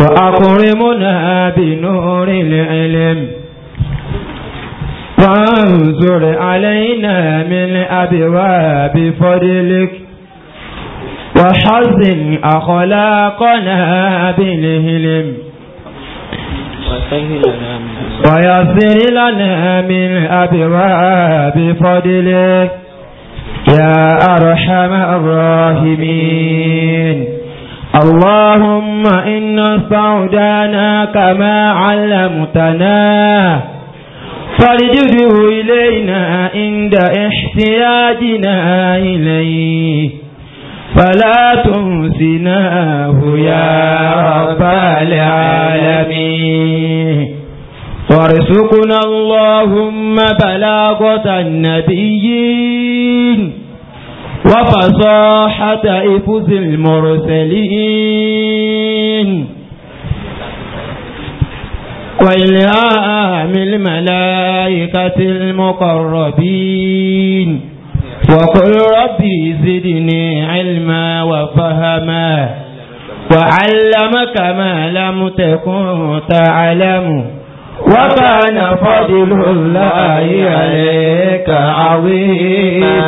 منا بنور العلم وانظر علينا من أبواب فضلك وحزن أخلاقنا بالهلم ويسر لنا من أبواب فضلك يا أرحم الراحمين اللهم إن استودعناك كما علمتنا فارجده إلينا عند احتياجنا إليه فلا تنسناه يا رب العالمين وارزقنا اللهم بلاغة النبيين وفصاحة إفز المرسلين وإلهام الملائكة المقربين وقل ربي زدني علما وفهما وعلمك ما لم تكن تعلم وكان فضل الله عليك عظيما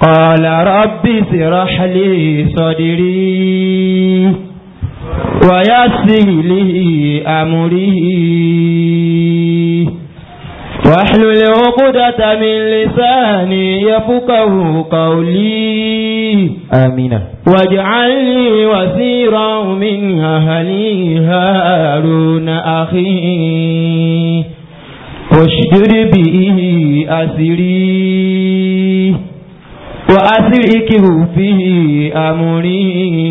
قال رب اشرح لي صدري ويسر لي أمري واحلل عقدة من لساني يفقه قولي آمين واجعل لي وزيرا من أهلي هارون أخي أشدد به أسري وأسركه به أمري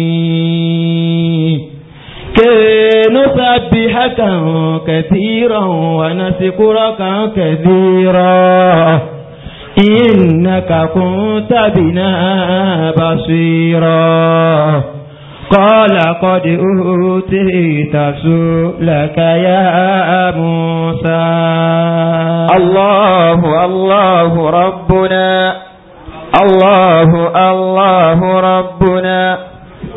نسبحك كثيرا ونذكرك كثيرا إنك كنت بنا بصيرا قال قد أوتيت سؤلك يا موسى الله الله ربنا الله الله ربنا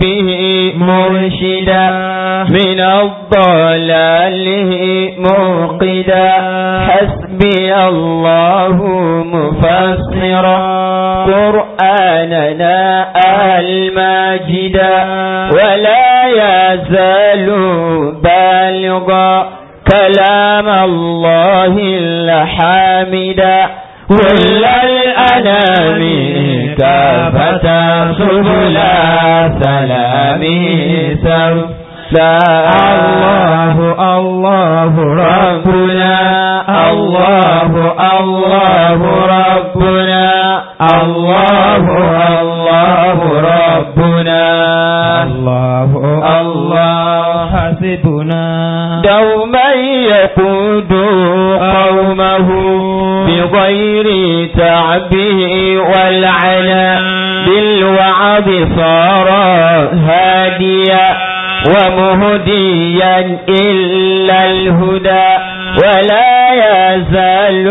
به مرشدا من الضلال موقدا حسبي الله مفسرا قرآننا الماجدا ولا يزال بالغا كلام الله الحامدا كل الأنام كافة سبل سلام سبلا الله الله ربنا الله الله ربنا الله الله ربنا الله الله حسبنا دوما يقود قومه بغير تعبه والعلى بالوعظ صار هاديا ومهديا إلا الهدى ولا يزال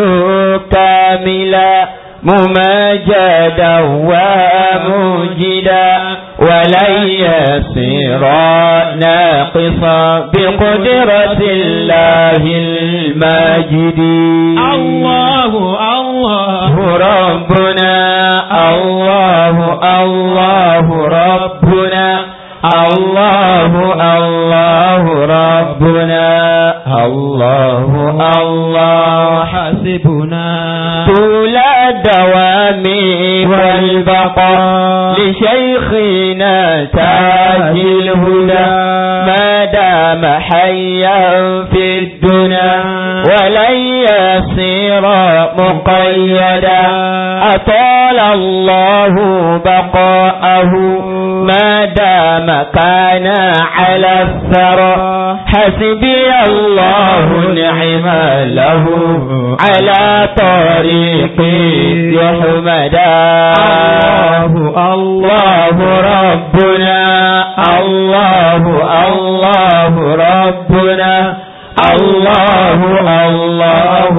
كاملا مماجدا ومجدا ولن يسيرا ناقصا بقدرة الله الماجد الله الله ربنا الله الله ربنا الله الله ربنا الله الله حسبنا طول الدوام والبقاء لشيخنا تاج الهدى ما دام حيا في الدنيا ولن يصير مقيدا أطال الله بقاءه ما دام كان على الثرى حسبي الله نعم له على طريق يحمدا الله الله ربنا الله الله ربنا الله الله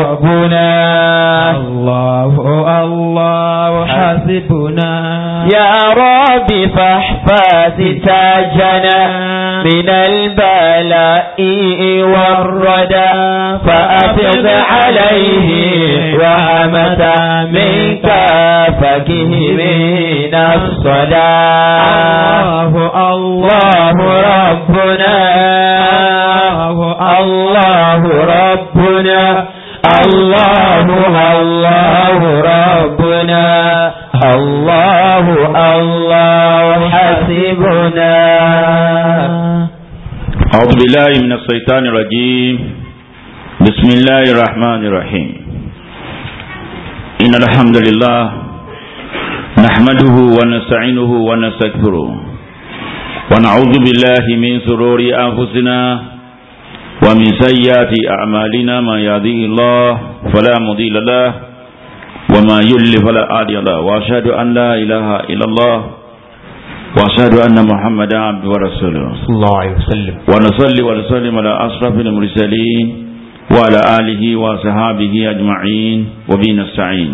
ربنا الله الله حسبنا يا رب فاحفظ تاجنا من البلاء والردى فأفض عليه رحمة منك مِنَ الصلاة الله الله ربنا الله, الله ربنا الله الله ربنا الله الله حسبنا أعوذ بالله من الشيطان الرجيم بسم الله الرحمن الرحيم إن الحمد لله نحمده ونستعينه ونستغفره ونعوذ بالله من سرور أنفسنا ومن سيئات أعمالنا ما يهديه الله فلا مضل له وما يل فلا هادي له واشهد ان لا اله الا الله واشهد ان محمدا عبد ورسوله صلى الله عليه وسلم ونصلي ونسلم على اشرف المرسلين وعلى اله وصحابه اجمعين وبين السعين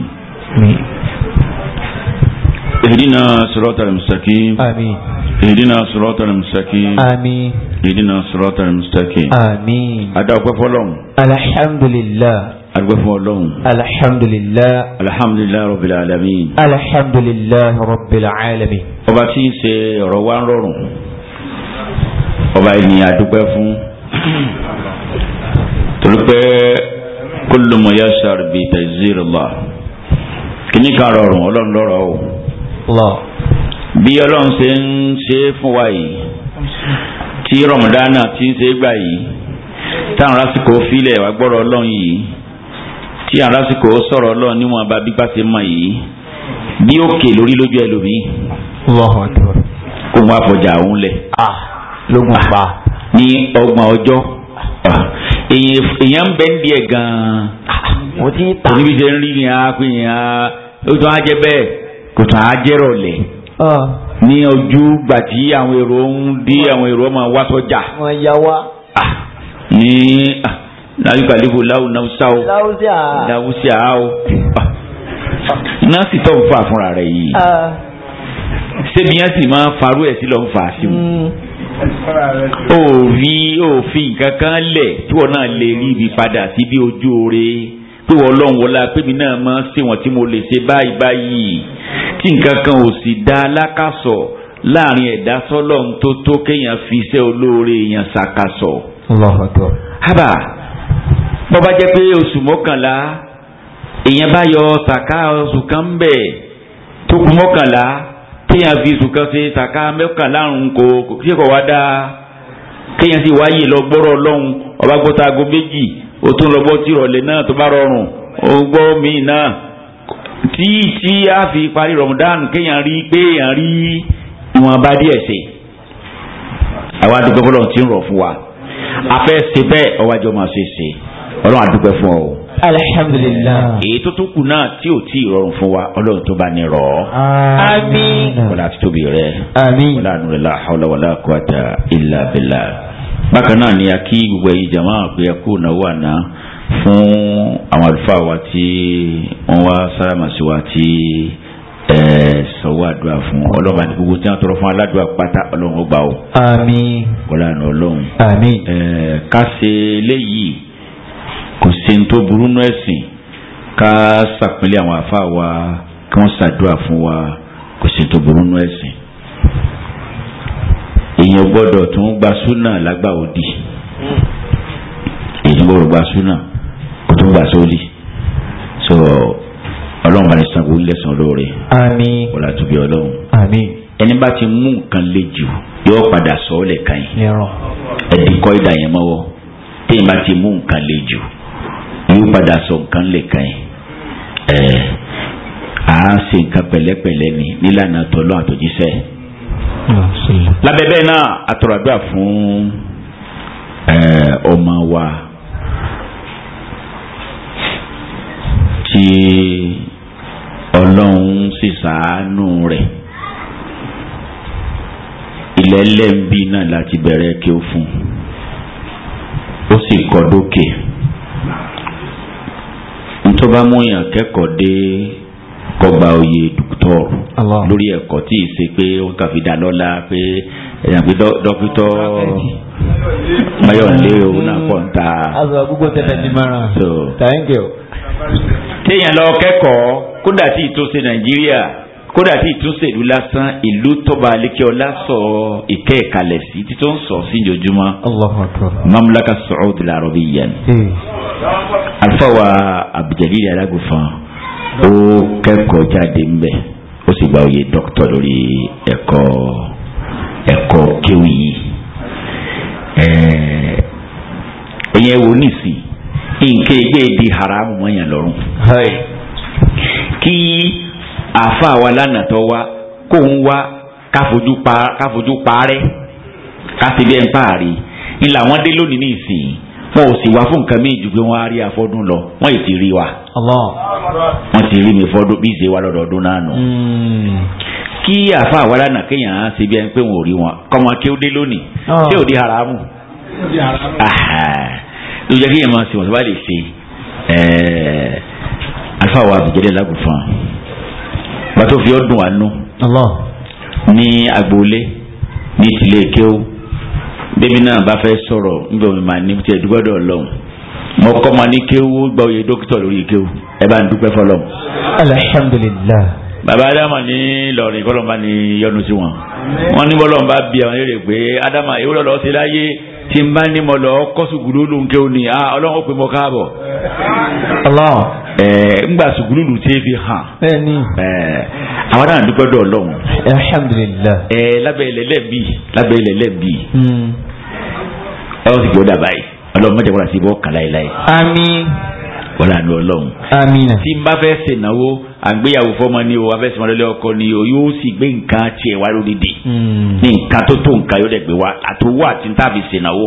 اهدنا صراط المستقيم امين اهدنا صراط المستقيم امين اهدنا صراط المستقيم امين ادعوك فلوم الحمد لله agbẹ́fún ọlọ́run. alhamdulilah. alhamdulilah rabbil alamin. alhamdulilah rabbil alamin. ọba tí ń ṣe ọ̀rọ̀ wa ń rọrùn ọba ènìyàn àdúpẹ́ fún torí pé kullu muyassar bi ta'zirillah kìíní kan rọrùn ọlọ́run lọ́rọ̀ o. bí ọlọ́run ṣe ń ṣe fún wa yìí tí rọmọdánà ti ń ṣe gbà yìí táwọn lásìkò fílẹ̀ wá gbọ́rọ̀ ọlọ́run yìí tí arásìkò sọ̀rọ̀ ọlọ́run níwọ̀n bá bíbá ṣe mọ̀ yìí bí òkè lórí lójú ẹlòmíì. Allahu Akbar. òun àfọ̀jà òun lẹ̀. Ah, lógun pa. Ah, ní ọgbọ̀n ọjọ́ ah, èèyàn ń bẹ ń di ẹ̀ gan-an. mo ti ń ta. oníbi ṣe ń rí ni a pè é a ó tún á jẹ bẹ́ẹ̀ kò tún á jẹ́rọ̀ lẹ̀. ní ojú gbà àwọn èrò ń dí àwọn èrò ọmọ wa sọjà. wọ́n yá wa. ní láyúkàlíkò láwù náwùsá o náwùsá o nọ́ọ̀sì tó ń fa fúnra rẹ̀ yìí sẹ́mi ah. yẹn sì máa farú ẹ̀ sí lọ́n fà á sí mm. o òfin òfin kankan lẹ̀ tí wọ́n náà lè rí ibi padà sí bí ojú oore pé wọ́n lọ́n wọlá pé mi náà máa ń ṣèwọ̀n tí mo lè ṣe báyìí báyìí tí nǹkan kan ò sì dá alákàsọ̀ láàrin ẹ̀dá sọ́lọ́n tó tó kéèyàn fi iṣẹ́ olóore èèyàn ṣàkàsọ̀. Allahu Akbar. haba bọ́bá jẹ́ pé oṣù mọ́kànlá èèyàn bá yọ sàká oṣù kan ń bẹ̀ tó kù mọ́kànlá kéèyàn fi oṣù kan ṣe sàká mẹ́kànlá ń kó kí kò wá dá kéèyàn sì wáyè lọ gbọ́rọ̀ ọlọ́run ọba gbọ́ta aago méjì ó tún lọ gbọ́ tìrọ̀lẹ́ náà tó bá rọrùn ó gbọ́ míì náà tí tí a fi parí rọ̀mùdánù kéèyàn rí kéèyàn rí ìwọ̀n bá díẹ̀ sí àwa dúpẹ́ fọlọ́run ti ń rọ̀ fún wa afẹ́ ṣe bẹ́ẹ̀ ọwájọ́ máa ṣe ṣe ọlọ́run àdúpẹ́ fún ọ. alhamdulilah. èyí tó tún kù náà tí ò tí ì rọrùn fún wa ọlọ́run tó bá ní rọ̀ ọ́. àmín. wọlé àti tóbi rẹ. àmín. wọlé àánú rẹ la hawla wala quwata illa billah. bákan náà ni a kí gbogbo ẹ̀yin jama pé ẹ kú náwó àná fún àwọn àlùfáà wa tí wọ́n wá sálámà wa tí ẹ̀ẹ́ àdúrà fún ọlọ́run àti gbogbo tí wọ́n tọrọ fún aládùúrà pátá ọlọ́run ó ó. àmín. wọlé àná ọlọ́run. àmín. ẹ̀ẹ́ ká ṣe léyìí kò sí ní tó burú nú ẹ̀sìn ká sàpínlẹ̀ àwọn àfa wa kí wọ́n ṣàdúrà fún wa kò sí ní tó burú nú ẹ̀sìn. èèyàn gbọ́dọ̀ tún gba súnà lágbà òdì èèyàn gbọ́dọ̀ gba súnà kó tún gbà sóòlì so ọlọ́run bá ní sanwó lẹ́sàn-án lóore. àmín. wọ́n la tún bí ọlọ́run. àmín ẹni bá ti mú nǹkan le jù yóò padà sọ ọ lẹ́ka yìí ẹ̀dínkọ́ ìdá téèyàn bá ti mú nǹkan le jù yóò padà sọ nǹkan lè kàn ẹ́ à á ṣe nǹkan pẹ̀lẹ́pẹ̀lẹ́ ni nílànà tọ́lọ́ àtòjíṣẹ́ lábẹ́ bẹ́ẹ̀ náà àtọ̀rọ̀dúà fún ọmọ wa tí ọlọ́run sì ṣàánú rẹ̀ ilẹ̀ lẹ́ńbí náà láti bẹ̀rẹ̀ kí ó fún ó sì kọ́ dókè tó bá mú yàn kẹ́kọ̀ọ́ dé kọgbà oyè dókítọ̀ lórí ẹ̀kọ́ tí ì ṣe pé wọ́n kà fi dá lọ́la pé ẹ̀yàn pé dókítọ̀ mayọ̀lé òun náà pọ̀ ń ta. azọ gbogbo tẹ̀lé ti mara thank you. lọ kẹ́kọ̀ọ́ kódà tí ì tó ṣe nàìjíríà kódà tí ìtúnṣèlú lásán ìlú tọba alekeola sọ ìkẹ́ ìkàlẹ̀ sí títọ́ ń sọ sí jojúmọ́ mamlaka Saudi Arabia ni alfa wa abduljalil alágùnfàn ó kẹ́kọ̀ọ́ jáde ńbẹ̀ ó sì gba oyè dókítà lórí ẹ̀kọ́ ẹ̀kọ́ kéwì yìí ẹ̀yẹ wo nìsín nǹkan ẹgbẹ́ di haramu mọ́yàn lọ́rùn kí àáfàá wa lánàá tó wá kó ń wá káfojú parẹ́ káfi bí ẹ̀ ń parí ni làwọn dé lónìí ní ìsìn wọn ò sì wá fún nǹkan míì ju pé wọn á rí afọdún lọ wọn ì ti rí wa wọn ti rí mi fọdún bí ìṣe wa lọdọọdún náà nù. Hmm. kí àáfàá wa lánàá kéèyàn á ṣe bí ẹni pé wọn ò rí wọn kọ́mọ kí ó dé lónìí kí ah. ò di haramu ló jẹ́ kí èèyàn máa ṣe wọ́n tó bá lè ṣe àlùfáà wa àbùjẹ́lẹ̀ lágùnfọ́n bàtò fi ọdún àánú ní agboolé ní ìtìlẹ̀ kéwù bébí náà bá fẹ́ sọ̀rọ̀ nígbà mi máa ní tiẹ̀ dúgbọ́dọ̀ lọ́hùn mo kọ́ ma ní kéwù gba oyè dókítà lórí kéwù ẹ bá ń dúpẹ́ fọlọ́. alhamdulilah. bàbá adama ní Ìlọrin kọ́lọ́mbà ní yọ́nú sí wọn wọ́n ní bọ́lọ́mbà bí àwọn eré pé adama èwúrọ̀ lọ́ọ́ láyé tí n bá ní mo lọ kọ́sùgùlù lóńkẹ́ òní à ọlọ́run ó pè mọ́ káàbọ̀. ẹẹ ngbà sùgùlù lù tí e fi hàn. ẹẹ àwọn náà dúpẹ́ dọ̀ ọlọ́run. alhamdulilayi. ẹẹ lábẹ́ ilẹ̀ lẹ́bi lábẹ́ ilẹ̀ lẹ́bi. ọlọ́run hmm. ti gbọ́dọ̀ báyìí ọlọ́run mọ̀jẹ̀ wọ́n ti bọ́ kàlá ìlà yìí wọ́n lànà ọlọ́run. amiina. tí n bá fẹ́ ṣènáwó àgbéyàwó fọmọ ni o afẹ́sọmọ lọ́lẹ́ ọkọ ni o yóò sì gbé nǹkan tiẹ̀ wá lódìdí. Hmm. ní nǹkan tó tó nǹkan yóò dẹ̀ gbé wá àtòwò àti n tàbí ṣènáwó.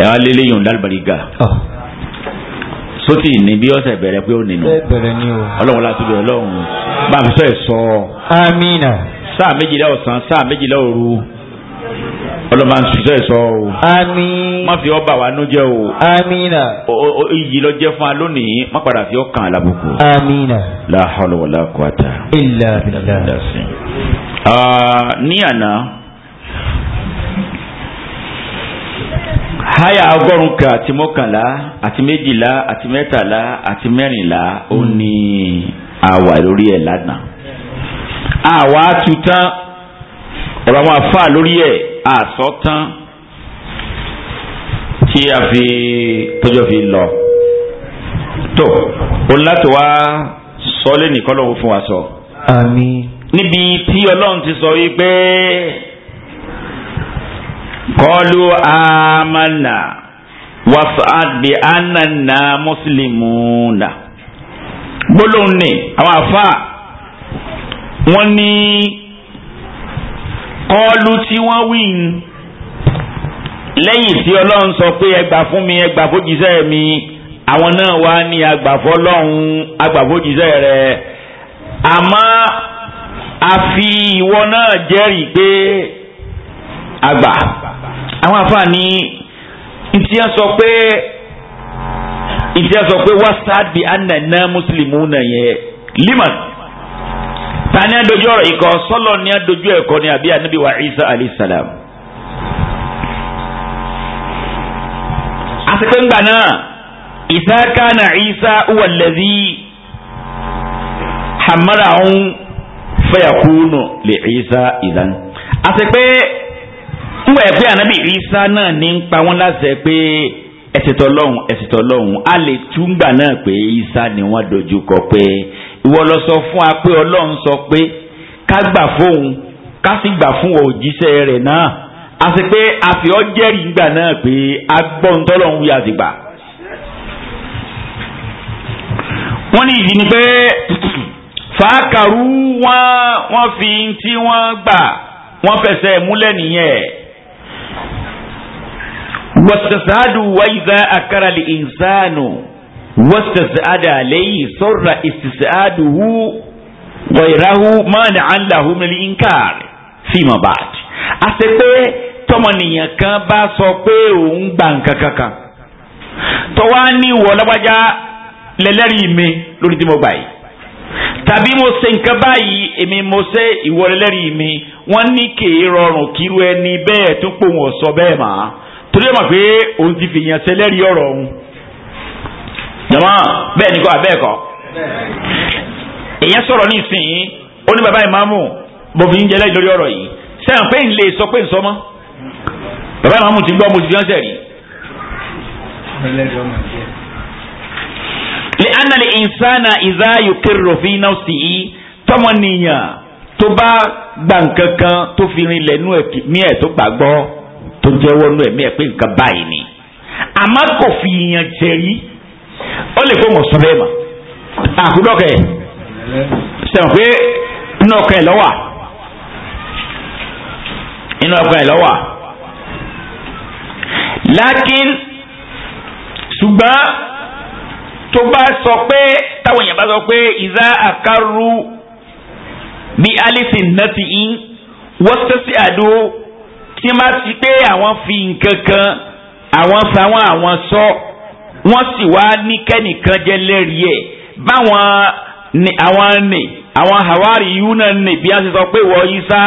ẹ wá lélẹ́ yòó dálùbáríga. Ah. sótì ní bí ọ̀sẹ̀ bẹ̀rẹ̀ pé ó nínú. bẹ̀rẹ̀ ni o. ọlọ́run láti ọlọ́run bá a fi sọ ọlọ́mọ à ń sùsẹ́ sọ o. àmín. má fi ọba wa nú jẹ́ o. àmínà. o iyì lọ jẹ́ fún wa lónìí má padà fi ọkàn alábùkù. àmínà. la hawla wala quwata. illa billah. Ah, ní àná háyà ọgọ́rùn-ún kan àti mọ́kànlá àti méjìlá àti mẹ́tàlá àti mẹ́rìnlá ó hmm. ní àwà lórí ẹ̀ lánàá. àwa tuntun ọ̀rọ̀ àwọn afá lórí ẹ̀ àsọtán tí a fi tọjọ́ fi lọ tó o láti wá sọ lẹ́nu ìkọlọ́wọ́ fún wa sọ. àmín. níbi tí ọlọ́run ti sọ wípé kọlu amana wasaad bi anana muslimuna gbólóhùn ni àwọn afa wọn ní kọ́ọ́lù tí wọ́n wí ń lẹ́yìn tí ọlọ́run sọ pé ẹgbà fún mi ẹgbà fójíṣẹ́ mi àwọn náà wá ní agbàfọ́ lọ́hùn agbàfójíṣẹ́ rẹ̀ àmọ́ àfi ìwọ náà jẹ́rìí pé àgbà àwọn àfààní ìtí ẹ sọ pé ìtí ẹ sọ pé wá sáàdì ànàná mùsùlùmí náà yẹ liman tani adojú ọ̀rọ̀ ikọ sọlọ ni adojú ẹkọ ni àbí anabi wa isa alayisalaam. àsìkò ńgbà náà ìsáká na isa wà lẹ́sí hamara ọ̀hún fẹ́yàkúnù lè isa ìdán. àsìkò ńgbà ẹ̀fẹ́ anabi isa náà ní ń pa wọ́n láṣẹ pé ẹ̀sìtọ̀ lọ́hùn ẹ̀sìtọ̀ lọ́hùn a lè túngbà náà pé isa ni wọ́n dojú kọ pé ìwọ lọ sọ fún wa pé ọlọ́run sọ pé ká gbà fóun ká sì gbà fún òjíṣẹ́ rẹ̀ náà àti pé àfihàn jẹ́rìí ìgbà náà pé agbọ́ntọ́lọ́run wí àtìgbà. wọ́n ní ìdí ni pé fàákàrú wọ́n fi tí wọ́n gbà wọ́n fẹsẹ̀ múlẹ̀ nìyẹn. wọ́n ṣẹ̀ṣẹ̀ àdùn wáyé sá àkàrà lè ń sáànù. واستسعد عليه صر استسعاده غيره مانعا له من na فيما بعد àṣepé tọmọnìyàn kan bá sọ pé òun gbà nǹkan kankan tó wá ní tàbí mo ṣe nǹkan báyìí èmi mo ṣe ìwọ mi wọ́n ní rọrùn ẹni bẹ́ẹ̀ tó jọ̀mọ́ bẹ́ẹ̀ ni kọ́ abẹ́ẹ̀ kọ́ èyàn sọ̀rọ̀ ní ìsìn yìí ó ní bàbá ìmáàmù bòbí ń jẹlẹ́ lórí ọ̀rọ̀ yìí sẹ́yìn pé ń lè sọ pé ń sọ mọ́ bàbá ìmáàmù ti gbọ́ mo ti fiọ́nsẹ̀ rí. lè ánàlè ìnsánà ìzáyò kérò fi náà sí i tọmọ nìyàn tó bá gbà nǹkan kan tó fi rinlẹ̀ nú ẹ̀mí ẹ̀ tó gbàgbọ́ tó jẹ́wọ́ nú ẹ̀mí ẹ̀ pé nǹkan báyìí ni àmọ́ kò fi ìyàn jẹ̀rí ó lè fóun ọ̀sùn bẹ́ẹ̀ mà àkúdọ́kẹ́ sẹ̀wọ̀n pé inú ọkọ̀ ẹ̀ lọ́wà inú ọkọ̀ ẹ̀ lọ́wà lákín ṣùgbọ́n tó bá sọ pé táwọn èèyàn bá sọ pé ìzá àkárú bí alice nọ́ọ̀tì yín wọ́n sẹ́sẹ́ àdó tí wọ́n bá ti pé àwọn fi nǹkan kan àwọn sáwọn àwọn sọ. So, wọ́n sì wá ní kẹ́nìkan jẹ́ lẹ́rìí ẹ̀ báwọn ni àwọn ni àwọn hawari yìí náà ni bí a ti sọ pé ìwọ Ìsá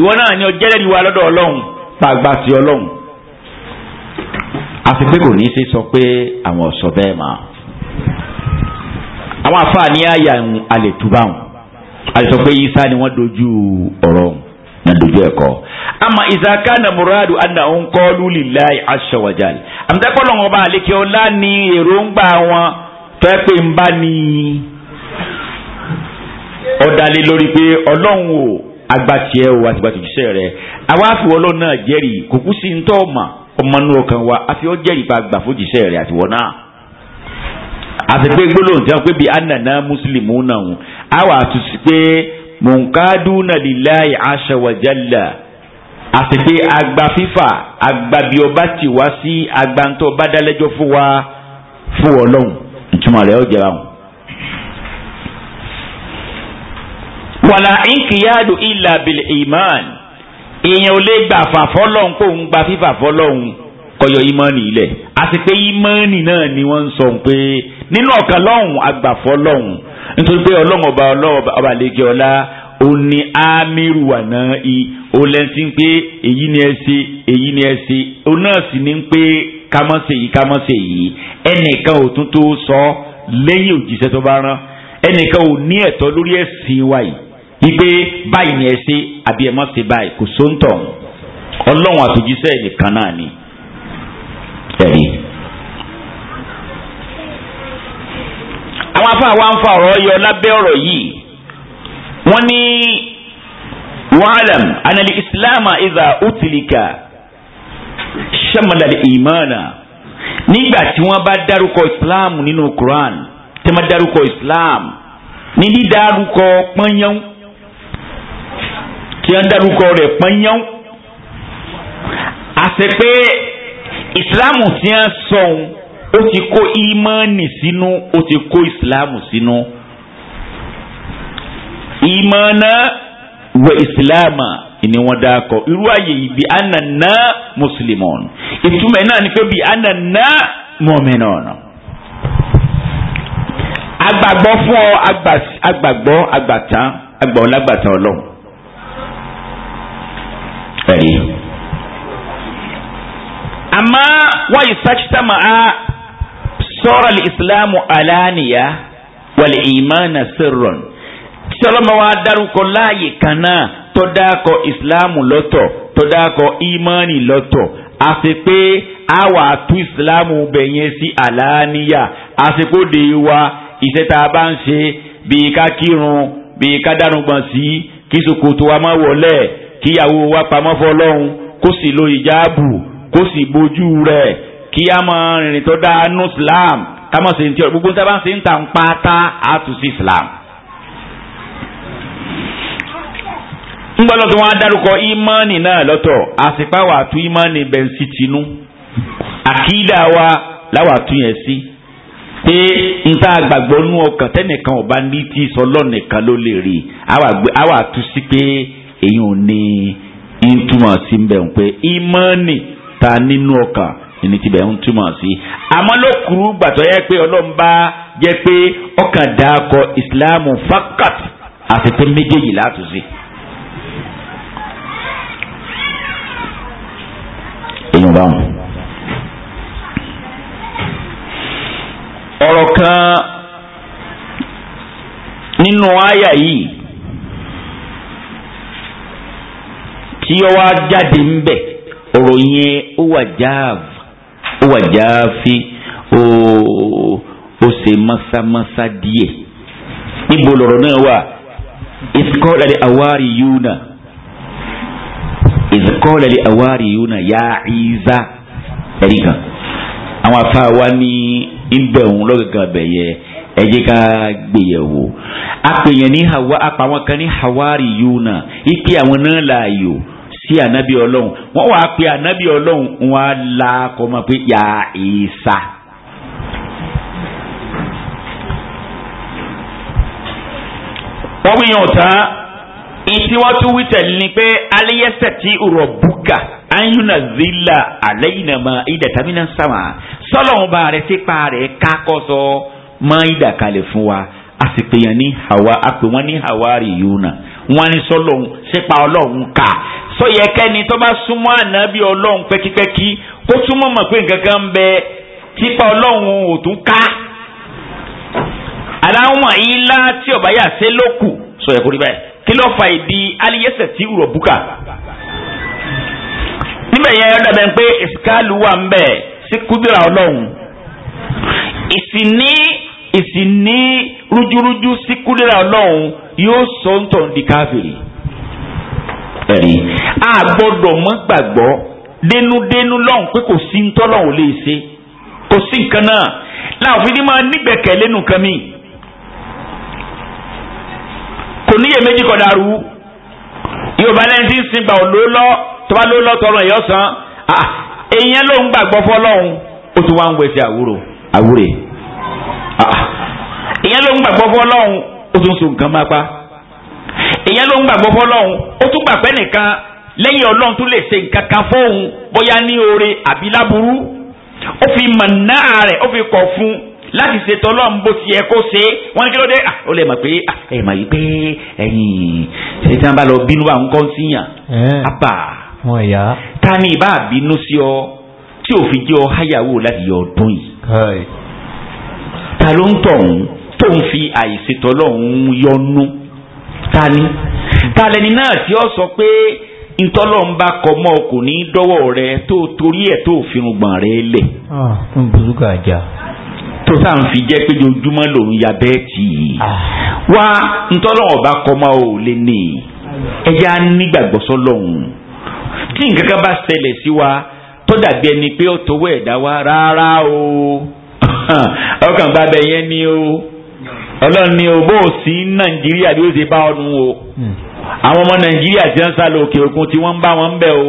ìwọ náà ni ọjẹ́ lẹ́rìí wa lọ́dọ̀ ọlọ́run tá a gbà sí ọlọ́run. àfi pé kò ní í ṣe sọ pé àwọn ọ̀sọ́ bẹ́ẹ̀ mà. àwọn àfáà àyà àlè wọn àti sọ pé Ìsá ni wọ́n dojú ọ̀rọ̀ wọn na dojú ẹ̀kọ́ ama ìsaka na muradu ana òun kọ́ lulilayi asawajal àmọ́tẹ́kọ́ lọ́wọ́ bá àlekè ọlá ní èròǹgbà wọn tọ́pẹ́ ń bá ní ọ̀dàlẹ̀ lórí pé ọlọ́run o agbátìẹ o àti gbàtúnṣe rẹ àwa fi ọlọ́run náà jẹ́rìí kókó sí ń tọ́ ọ̀mà ọmọnú ọkàn wa àfi ọ jẹ́rìí bá gbà fójìṣẹ́ rẹ àti wọ́n náà àti pé gbólóhùn tí wọ́n pé bíi anana mùsùlùmí náà àwọn àtúnṣe pé munkaduna lillahi asha wa jalla àti pé agba fífà agba bí ọba tì wá sí agbantọ́ ọba dálẹ́jọ́ fún wa fún ọlọ́run ìtumọ̀ rẹ̀ ó jẹba wọn. wàlà ìkìyàdù ìlà bìlì ìmán èèyàn ò lè gbà fà fọlọ́hún kó ń gba fífà fọlọ́hún ọyọ ìmọ̀ọ́nì ilẹ̀ àti pé ìmọ̀ọ́nì náà ni wọ́n ń sọ pé nínú ọ̀kan lọ́hùn agbàfọ́ lọ́hùn nítorí pé ọlọ́hùn ọba ọlọ́hùn ọba àlejò ọlá òun ni amiru àná i òun lẹ́yìn tí ń pé èyí ni ẹ ṣe èyí ni ẹ ṣe òun náà sì ní pé kámọ́sẹ̀ yìí kámọ́sẹ̀ yìí ẹnìkan ò tún tó sọ lẹ́yìn òjíṣẹ́ tó bá rán ẹnìkan ò ní ẹ̀tọ́ lórí ẹ̀sìn wa yìí wípé báyìí ni ẹ ṣe àbí ẹ má ṣe báyìí kò sóńtọ̀ ọlọ́run àtòjíṣẹ́ ẹnìkan náà ni tẹ̀lé. àwọn afáà wa ń fa ọ̀rọ̀ yọ lábẹ́ ọ̀rọ̀ yìí wọ́n ní wàhálàm anali ìsìláàmà ìzà ùtìlìkà sàmàlàlì ìmánà nígbà tí wọ́n bá dárúkọ ìsìláàmù nínú Quran tí wọ́n dárúkọ ìsìláàmù ní dídárúkọ pọ́nyẹ́wó tí wọ́n dárúkọ rẹ̀ pọ́nyẹ́wó àti pé ìsìláàmù tí wọ́n sọ ohun ó ti kó ìmọ̀ọ́nì sínú ó ti kó ìsìláàmù sínú ìmọ̀ọ́nà wọ ìsìláàmù ni wọ́n dá kọ irú àyè yìí bí ànànà mùsùlùmọ́ọ̀nù ìtumọ̀ náà ni pé bí ànànà mọ̀mìnọ̀ọ̀nù agbàgbọ́ fún ọ agbàgbọ́ agbàtàn agbàwọlágbàtàn ọlọ́run àmọ́ wọ́n yìí sàkítàmọ́ a sọ̀rọ̀ ìsìlámù aláníyà wàlẹ̀ ìmánà sirron tí ọlọ́mọ wa dárúkọ láàyè kan náà tó dákọ̀ ìsìlámù lọ́tọ̀ tó dákọ̀ ìmánì lọ́tọ̀ àti pé a wà tú ìsìlámù bẹ̀yẹn sí aláníyà àti pé ó de wa iṣẹ́ tá a bá ń ṣe bíi ká kírun bíi ká dárúgbọ̀n kí ṣòkòtò wa má wọlé kíyàwó wa pamọ́ fọlọ́hún kó sì lo ìjáàbù kó sì bójú rẹ̀ kí a máa rìnrìn tó dáa nù Islam ká máa ṣe ní tí ọ̀rọ̀ gbogbo níta bá ń ṣe ń ta ń pátá á tù sí Islam. ńgbọ́dọ̀ tí wọ́n á dárúkọ ìmánì náà lọ́tọ̀ àsìpá wà á tú ìmánì bẹ́ẹ̀ sí tinú àkídà wa láwà á tú yẹn sí pé nta gbàgbọ́ nú ọkàn tẹ́nìkan ọba ní tí sọlọ́ nìkan ló lè rí àwà á sí pé èyí ò ní ìtumọ̀ sí bẹ́ẹ̀ pé ìmánì ta nínú ọkàn ẹni tí bẹ̀rù ń túmọ̀ sí. àmọ́ ló kúrú gbàtọ́ yẹ pé ọlọ́run jẹ́ pé ọkàn dáàkọ ìsìláàmù fakat àfẹ́fẹ́ méjèèjì látúnṣe. èèyàn bá wọn. ọ̀rọ̀ kan nínú àyà yìí tí ó wá jáde ń bẹ̀. ọ̀rọ̀ yẹn ó wà jáàv ó wà jáàfi ó ó masamasa díẹ̀ níbo lọ̀rọ̀ náà wà ìsikọ́lá lè àwárí yúnà ìsikọ́lá lè àwárí yúnà kan àwọn afáwa ní ìbẹ̀ òun lọ́gàgà bẹ̀ yẹ ẹ jẹ́ ká hawa kan àwọn náà sí ànábì ọlọ́run wọ́n wàá pe ànábì ọlọ́run wọ́n á la kọ́ mọ́ pé yà ìsà. wọ́n wíyàn tán ìtí wọ́n tún wí tẹ̀lé ni pé aliyẹ́sẹ̀ tí rọ̀ búkà anyuna zila alẹ́yìnàmọ́ ìdẹ̀tàmínà sàmà sọlọ́run bá rẹ̀ sípa rẹ̀ kákọ́sọ́ máa ń fún wa a sì pè yàn ní hawa a pè wọ́n ní hawa rìyúnà wọ́n ní sọlọ́run sípa ọlọ́run kà tó yẹ kẹ́ni tó bá súnmọ́ ànábì ọlọ́run pẹ́kípẹ́kí kó súnmọ́ mọ̀ pé nǹkan kan ń bẹ típa ọlọ́run ò tún ká aláwọn ilá tí ọba yà sé lókù sọ yẹ kó rí báyìí kí ló fa ìdí aliyẹsẹ tí rọ búkà níbẹ̀ yẹn ó dàbẹ̀ pé ìsìkáàlù wà ń bẹ̀ sí kúdìrà ọlọ́run ìsìní ìsìní rújúrújú sí kúdìrà ọlọ́run yóò sọ ń tọ̀ ń di ẹ̀rí a gbọ́dọ̀ mọ́ gbàgbọ́ dénúdénú lọ́hùn pé kò sí ntọ́lọ́hùn ò lè ṣe kò sí nǹkan náà láàfin ní máa nígbẹ̀kẹ̀ lẹ́nu kan mi kò níyè méjì kọ̀ dàrú yorùbá lẹ́yìn tí ń sin gbà ló lọ tó bá ló lọ tọrọ ẹ̀yọ́ san èèyàn ló ń gbàgbọ́ fọlọ́hùn ó ti wá ń wẹsẹ̀ àwúrò àwúrè èèyàn ló ń gbàgbọ́ fọlọ́hùn ó tún so nǹkan máa pa ń gbàgbọ́ fọlọ́hún ó tún gbàgbẹ́ nìkan lẹ́yìn ọlọ́run tún lè ṣe nǹkan kan fóun bóyá ní oore àbí láburú ó fi mọ̀nà rẹ̀ ó fi kọ̀ fún láti ṣètò ọlọ́run bó ti yẹ kó ṣe wọ́n ní kí ló dé ah, ó lè mọ̀ pé ah, ẹ mọ̀ yìí pé ẹ̀yìn ṣe tí wọ́n bá lọ bínú àwọn kan sí eh. apá ta ni ìbá bínú sí ọ tí ò fi jẹ́ ọ háyàwó láti yọ ọdún yìí ta ló ń tọ̀ ọ̀hún tó ń fi àìṣètò ọlọ́run yọnu ta ni ta lẹni náà tí ó sọ pé ntọ́lọ́ ń bá kọ mọ́ kò ní dọ́wọ́ rẹ tó torí ẹ̀ tó fìrùn gbọ̀n rẹ lẹ̀. n ah, burúkú àjà. tó sáà ń fi jẹ́ pé ojoojúmọ́ lòun ya bẹ́ẹ̀ tì í. Ah. wá ntọ́lọ́ ọba kọ mọ́ ò lè ní i nígbàgbọ́ sọ́lọ́hún tí nǹkan kan bá ṣẹlẹ̀ sí wa tó dàbí ẹni pé ó towó ẹ̀dá wa rárá o ọkàn bá bẹ yẹn ni o. ọlọ́run ni òbó sí nàìjíríà bí ó ṣe bá ọdún o hmm. àwọn ọmọ nàìjíríà ti ń sá lọ òkè òkun tí wọ́n ń bá wọn ń bẹ̀ o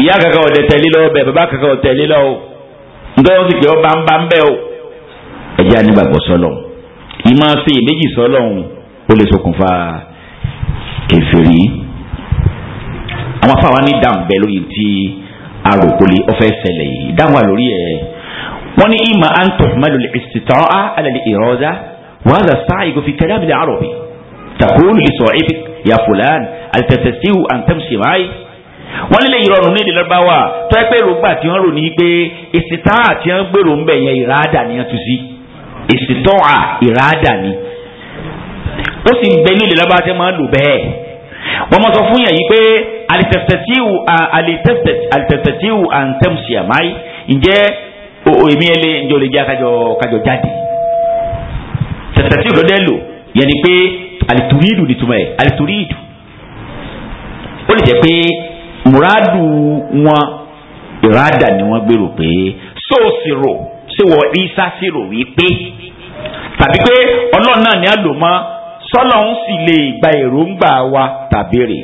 ìyá kankan ọ̀dẹ tẹ̀lé lọ bẹ̀ bàbá kankan ọ̀dẹ tẹ̀lé lọ o nítorí wọ́n sì pé ọba ń bá ń bẹ̀ o ẹ̀jẹ̀ anígbàgbọ́ sọlọ ìmọ̀ ṣe méjì sọlọ ó lè ṣokùnfà kèfèrí àwọn afáwa ní dáhùn bẹ́ẹ̀ lórí ti aròkọlẹ̀ ọ̀fẹ́ ṣẹlẹ̀ yìí wọ́n ní ìmọ̀ à ń tọ̀ mẹ́lò ìsìtọ́ra alẹ́ ìrọ́dá wọ́n á sá ìgò fi kẹ́lẹ́ àbílẹ̀ àrọ̀ bí takunu ìsọ̀rẹ́fì ya fulan àtẹ̀tẹ̀síwù àǹtẹ̀mùsìmáì wọ́n nílẹ̀ ìrọ̀rùn ní èdè lọ́gbàwà tó ẹ pé èròǹgbà tí wọ́n rò ní pé ìsìtọ́ra tí wọ́n gbèrò ń bẹ̀ yẹn ìràádà ni wọ́n tu sí ìsìtọ́ra ìràádà ni ó sì ń bẹ ní ìlera èmi yẹn lé njọ lè já kájọ kájọ jáde tẹtẹtẹ òdòdó ẹ lò yẹn ni pé àlìtúrídù ni tuma yẹ àlìtúrídù ó lè jẹ pé mùràdù wọn ìràdà ni wọn gbèrò pé sóòsì síwọ ìsá sí wípé tàbí pé ọlọ́run náà ni a lò mọ́ sọ́lọ́ ń sì lè gba èròǹgbà wa tàbí rè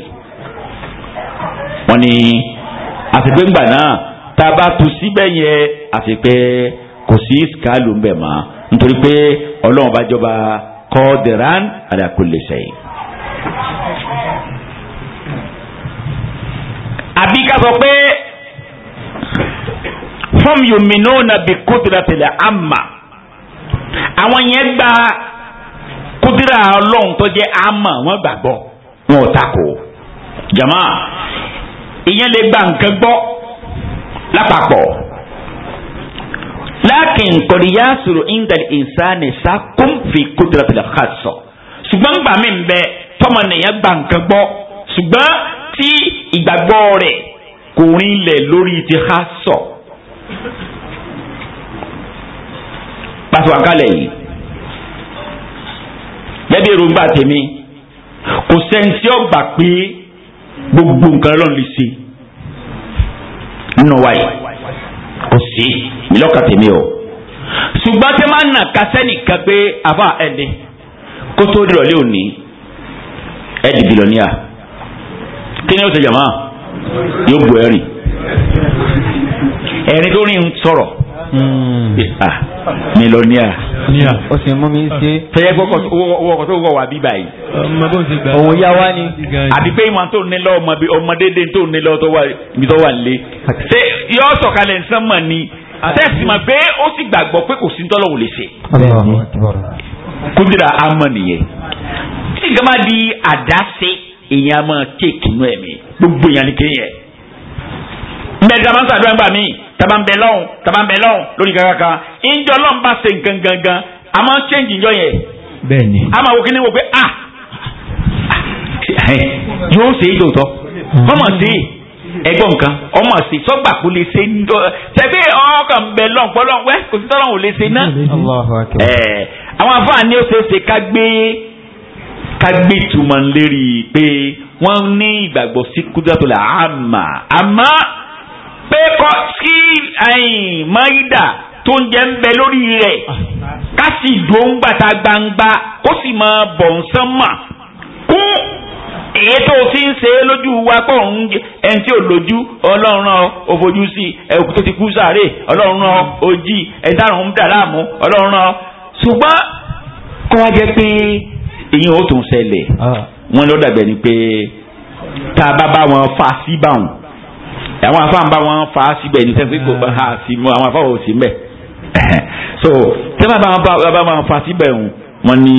wọ́n ní àfipéǹgbà náà. Taba tu síbẹ̀ yẹn àfi pé kò sí ìsìkáàlù ń bẹ̀ mọ́ nítorí pé ọlọ́run bá jọba kọ́ọ̀dẹ̀rán àdàkùnlẹ̀sẹ̀ yìí. àbí ká sọ pé fún yomino nàbí kódìrà tẹ̀lé àmà àwọn yẹn gba kódìrà ọlọ́run tó jẹ́ àmà wọ́n gbàgbọ́ wọn ò takò jama ìyẹn lè gba nǹkan gbọ́ lápapọ̀ lákin kọ̀díyà sọ̀rọ̀ indal ìsáni sákùn fi kúndùrà tìlẹ̀ ká sọ ṣùgbọ́n gbà mí bẹ tọmọ nìyẹn gbà nǹkan gbọ́ ṣùgbọ́n tí ìgbàgbọ́ rẹ̀ kò rinlẹ̀ lórí ti ká sọ. pàṣẹ wàkálẹ̀ yìí gẹ́gẹ́ bí èròǹgbà tèmi kò sẹ́ńtì ọgbà pé gbogbo nǹkan lọ́n lè ṣe nínú wa yìí kò sí ìlọ́kàn tèmi o ṣùgbọ́n tẹ́ máa ń nà kásẹ́ nìkan pé àbá ẹni kó tó dìrọ̀lẹ́ òní ẹ di bìlọ́níà kí ni ó ṣe jàmá yóò bu ẹ̀rìn ẹ̀rìn tó rìn ń sọ̀rọ̀ hmm. ah, bìlọ́níà o sì mú mi ah. ṣe. fẹ́yẹ́ gbọ́kọ̀ owó ọkọ̀ tó wọ̀ wá bí báyìí. òwò yá wá ni. àbí pé ìmọ̀ tó nílọ ọmọdédé tó nílọ tó wà ibi tó wà lé. ṣé yọ sọ̀kalẹ̀ nsán mọ̀ ni tẹ́sí ma bẹ́ẹ̀ ó sì gbàgbọ́ pé kò sí ntọ́lọ́wò lè ṣe. kúndìrà amọ̀ nìyẹn. tí nǹkan bá di àdáṣe èèyàn máa kéèkì nú ẹ̀mí gbogbo èèyàn ni mbẹ tí a bá ń sàdúrà ńgbà míì lori kakaka bẹ ba taba ń bẹ lọ́hùn lórí gangan a máa change ìjọ yẹn. bẹ́ẹ̀ni. a máa wo kí wo pé ah, ah, ah yóò ṣe é lóòótọ́ mm. ọmọ sí ẹ̀gbọ́n nǹkan ọmọ sí sọgbà kò lè ṣe ńdọ tẹbi ọkàn ń bẹ lọ́hùn pọlọ wẹ kò sí tọlọ́hùn ò lè ṣe náà. àwọn afáàní ó ṣe é ṣe ká gbé ká gbé ìtumọ̀ lérí pé wọ́n ní ìgbàgbọ́ sí kúdàtò làámà pé kọ́ kí máyídà tó ń jẹ́ ń bẹ lórí rẹ̀ ká sì dùn gbàtà gbangba kó sì máa bọ̀ ń sán mà kún èyí tó fi ń ṣe lójú wa pọ̀ ń jẹ ẹni tí ò lójú ọlọ́run náà ò fojú sí ẹ̀kú tó ti kú sáré ọlọ́run náà ò jí ẹni táwọn ń dà láàmú ọlọ́run náà ṣùgbọ́n kọ́ wá jẹ́ pé èyí ò tún ṣẹlẹ̀ ah. wọ́n lọ́dà bẹ̀ ni pé tá a bá bá wọn fa síbàwọ̀n àwọn afáàn bá wọn fà á síbẹ̀ ní sẹ́ńtì kò bá ah. a sí mọ́ àwọn afáàn ò sí mẹ́ so sẹ́ńtì bá wọn fà á síbẹ̀ wọn ni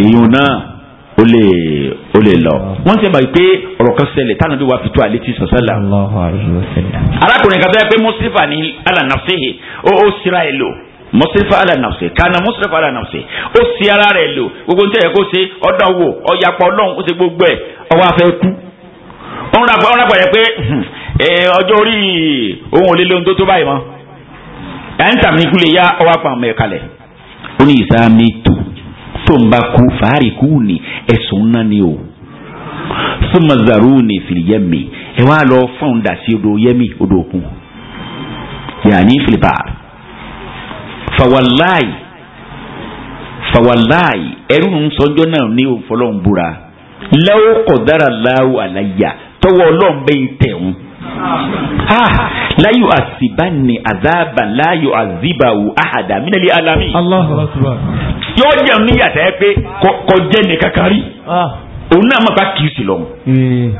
èèyàn náà ó lè ó lè lọ wọ́n ti mọ̀ pé ọ̀rọ̀ kan ṣẹlẹ̀ táwọn bí wàá fi tó àlẹ́ tí sọ̀sẹ́là arákùnrin kan tó yẹ pé mustapha ní alànàfẹ́ ó sira ẹ̀ lò mustapha alanafse kana mustapha alanafse ó si ara rẹ̀ lò gbogbo nítorí kó ṣe ọdọ wo ọyàpọ̀ ọlọ́run ó ṣe gbogbo ẹ̀ ọwọ́ afẹ́ kú. ọ̀nràgbà ọ̀nràgbà yẹ pé ọjọ́ orí òun ò lè lóhun tó tó báyìí mọ́ ẹ̀ńtà mi kúlẹ̀ yá ọwọ́ apá ọmọ ẹ̀ kalẹ̀ ó ní ìsámi tù tó ń bá kú fàárì kú ni ẹ̀sùn náà ni o súnmọ́ zaru ni fìlìyẹ́mi ẹ wá lọ fọ́n dà sí odò yẹ́mi odò òkun yàní fìlìpà fàwọláì fàwọláì ẹrú ń sọjọ́ náà ní òǹfọlọ́ǹbúra lẹ́wọ́ kọ̀dára láwù àlàyé tọwọ́ ọlọ́ọ̀bẹ́yìn tẹ̀wọ́n láyò àsìbá ni àzáàbà láyò àzíbà wò àhàdà mí nàlẹ́ alámi. yóò jẹun ní yàtọ̀ ẹ pé kọjẹ ní kakari ah. òun náà má bá kì í sí lọ. Eh,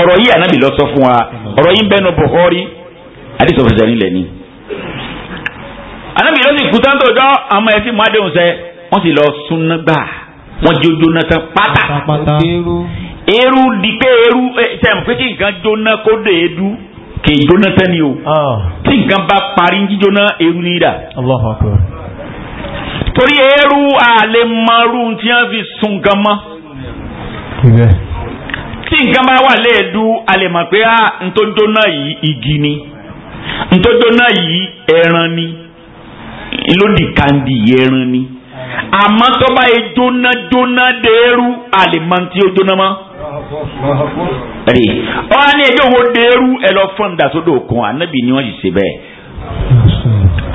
ọ̀rọ̀ yìí ànábì lọ sọ fún wa ọ̀rọ̀ yìí bẹ́ẹ̀ nù bọ̀kọ́rí àdìsọ̀fẹ̀sẹ̀ nílẹ̀ ni. ànábì lọ́sìn kùtàntò ọjọ́ àmọ́ ẹ ti mú adéhùn sẹ́ wọ́n sì lọ súnná gbà wọ́n jójó náà tán pátá. eru di eru sẹ́mu eh, pé kí nǹkan jóná kó dé o ah. nǹkan bá parí jíjóná eru torí eru fi sun gan mọ́. tí nǹkan bá wà mọ̀ ah, igi ni yìí ẹran ni kandi ẹran ni àmọ́ jóná jóná eru mọ́ tí rí ọ̀hún ni ẹjọ́ wo dẹ́rú ẹ lọ fọ́ǹdà tó dòkun ànábì ni wọ́n yìí ṣe bẹ́ẹ̀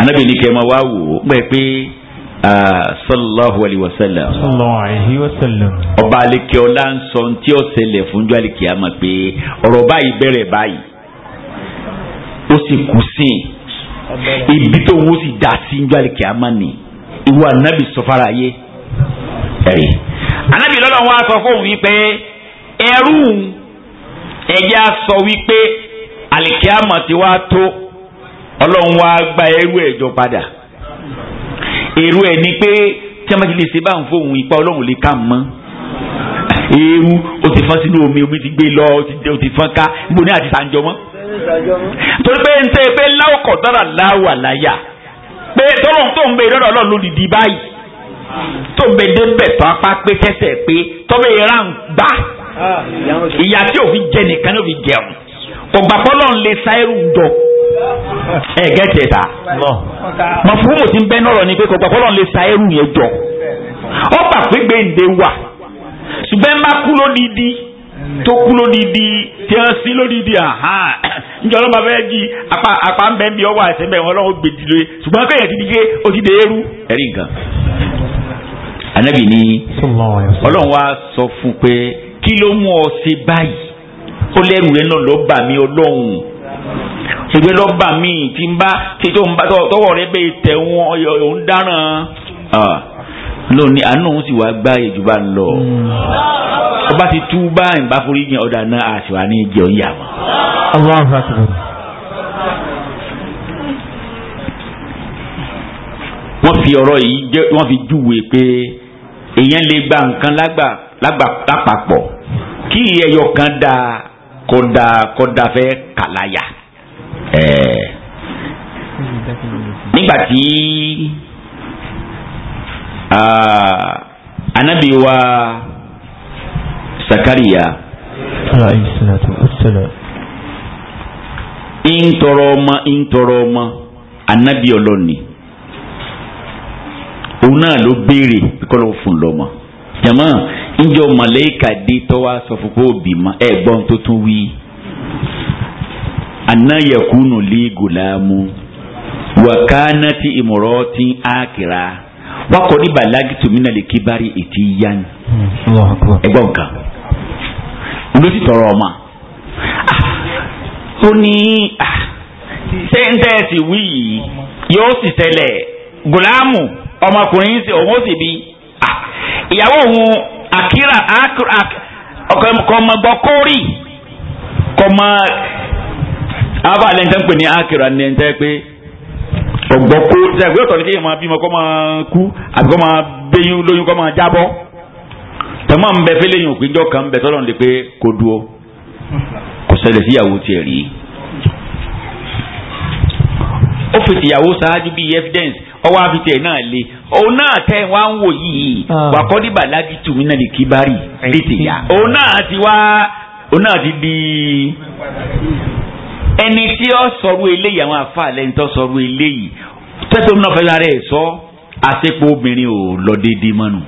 ànábì ni kẹ́mọ́ wá wò ó pẹ́ pé sallallahu alayhi wa sallam sallallahu alayhi wa sallam ọba aleke ọlá ń sọ tí ó ṣẹlẹ̀ fúnjọ́ aleke ama pé ọ̀rọ̀ báyìí bẹ̀rẹ̀ báyìí ó sì kù sí ibi tó ń sì dá sí njọ́ aleke ama ni ìwọ anabi sọfara yé ẹ̀rí anabi lọ́dọ̀ wọn sọ fóun yìí pé ẹrú ẹ̀jẹ̀ á sọ wípé àlìkíyàmọ̀ ti wá tó ọlọ́run wá gba ẹrú ẹ̀ jọ padà èrú ẹ̀ ni pé tí a máa ti lè ṣe bá ń fóun ipa ọlọ́run lè ká mọ́ ewu o ti fọ́n sínú omi omi ti gbé lọ o ti fọ́n ká níbo ní àti sàǹjọ mọ́ torí pé n tẹ́ pé láwùkọ̀ dára láwà láyà pé tọ́lọ̀ tó ń bẹ lọ́dọ̀ ọlọ́run lódìdí báyìí tó ń bẹ débẹ̀ tó apá pé kẹsẹ̀ pé tọ́bẹ̀ ìran ìyá tí ò fi jẹ nìkan ló fi jẹun ọgbàpọ̀lọ̀ ń lè sa ẹrù jọ ẹ gẹ́tẹ̀ ta ah. mọ fún mo ti ń bẹ́ nọ̀rọ̀ ni pé ọgbàpọ̀lọ̀ ń lè sa ẹrù yẹn jọ ọgbà pé gbèǹde wà ṣùgbọ́n má kú lódìdí tó kú lódìdí tí wọ́n sí lódìdí njẹ́ ọlọ́mọ fẹ́ di apá ń bẹ́ bí ọwọ́ àti ẹ̀bẹ̀ wọn lọ́wọ́ gbèdì lóye ṣùgbọ́n kẹ́yìn ti di pé ó ti dé eru ẹ̀rí nǹkan anabi ni ọlọ́run wa sọ fún pé kí ló mú ọ ṣe báyìí ó lẹ́rù rẹ̀ náà lọ́ọ́ bà mí ọlọ́run ṣùgbọ́n lọ́ọ́ bà mí tí n bá ṣe tó ń bá tọwọ́ rẹ bẹ́ẹ̀ tẹ̀ wọ́n òun dáràn lónìí àánú òun sì wá gbá ìjù bá ń lọ ọba ti tú bá ìbá forí yẹn ọ̀dà náà àṣìwà ní ìjẹ òun yà wọ́n. fi ọ̀rọ̀ yìí wọ́n fi júwèé pé èèyàn lè gba nǹkan lágbàá lápapọ̀ kí ẹyọ kan da kódà kódà fẹ́ kàláyà ẹ̀ẹ́ nígbà tí anabi wa sakariya ntọrọ ọmọ ntọrọ ọmọ anabi ọlọ́ni òun náà ló béèrè kí kọ́lọ́ fún lọ́mọ jama njọ malayika di tọ́wá sọfúnpọ̀ òbí ma ẹ gbọ́n tó tún wí. anayakunu li gulamu wakanati akira wakọni balagi mina le kibari eti yan. ẹ gbọ́n kan ló ti tọrọ ọ ma ah, ó ní ah, sẹ́ńtẹ́ẹ̀sì wí yóò sì tẹ̀lẹ̀ gùlámù ọmọkùnrin òun ó sì bí ìyàwó òun àkírà kọmọgbọ kórì kọmọ afa lẹ́yìn tẹ́ ń pè ní àkírà ní ẹni pé ọgbọ kó tẹ́ ọ̀tọ̀ ní kéèyàn máa bímọ kọ́ máa kú àbí kọ́ máa bẹ́yìn lóyún kọ́ máa jábọ́ tẹ̀mọ́ ń bẹ fẹ́lẹ́ yìí kan ń bẹ tọ́lọ́ ní pé kò dúró kò tiẹ̀ rí ó fi tìyàwó bíi evidence ọwọ́ àfitẹ̀ náà le òun náà tẹ wá ń wò yìí ah. wàkọ́dìbà lágìtù mí náà lè kí bárì lítì yá òun náà ti wá òun náà ti di ẹni tí ó sọ̀rọ̀ eléyìí àwọn afa lẹ́ni tó sọ̀rọ̀ eléyìí tẹ́tọ́ náà fẹ́ lára ẹ̀ sọ àsepọ̀ obìnrin ò lọ déédéé mọ́nu.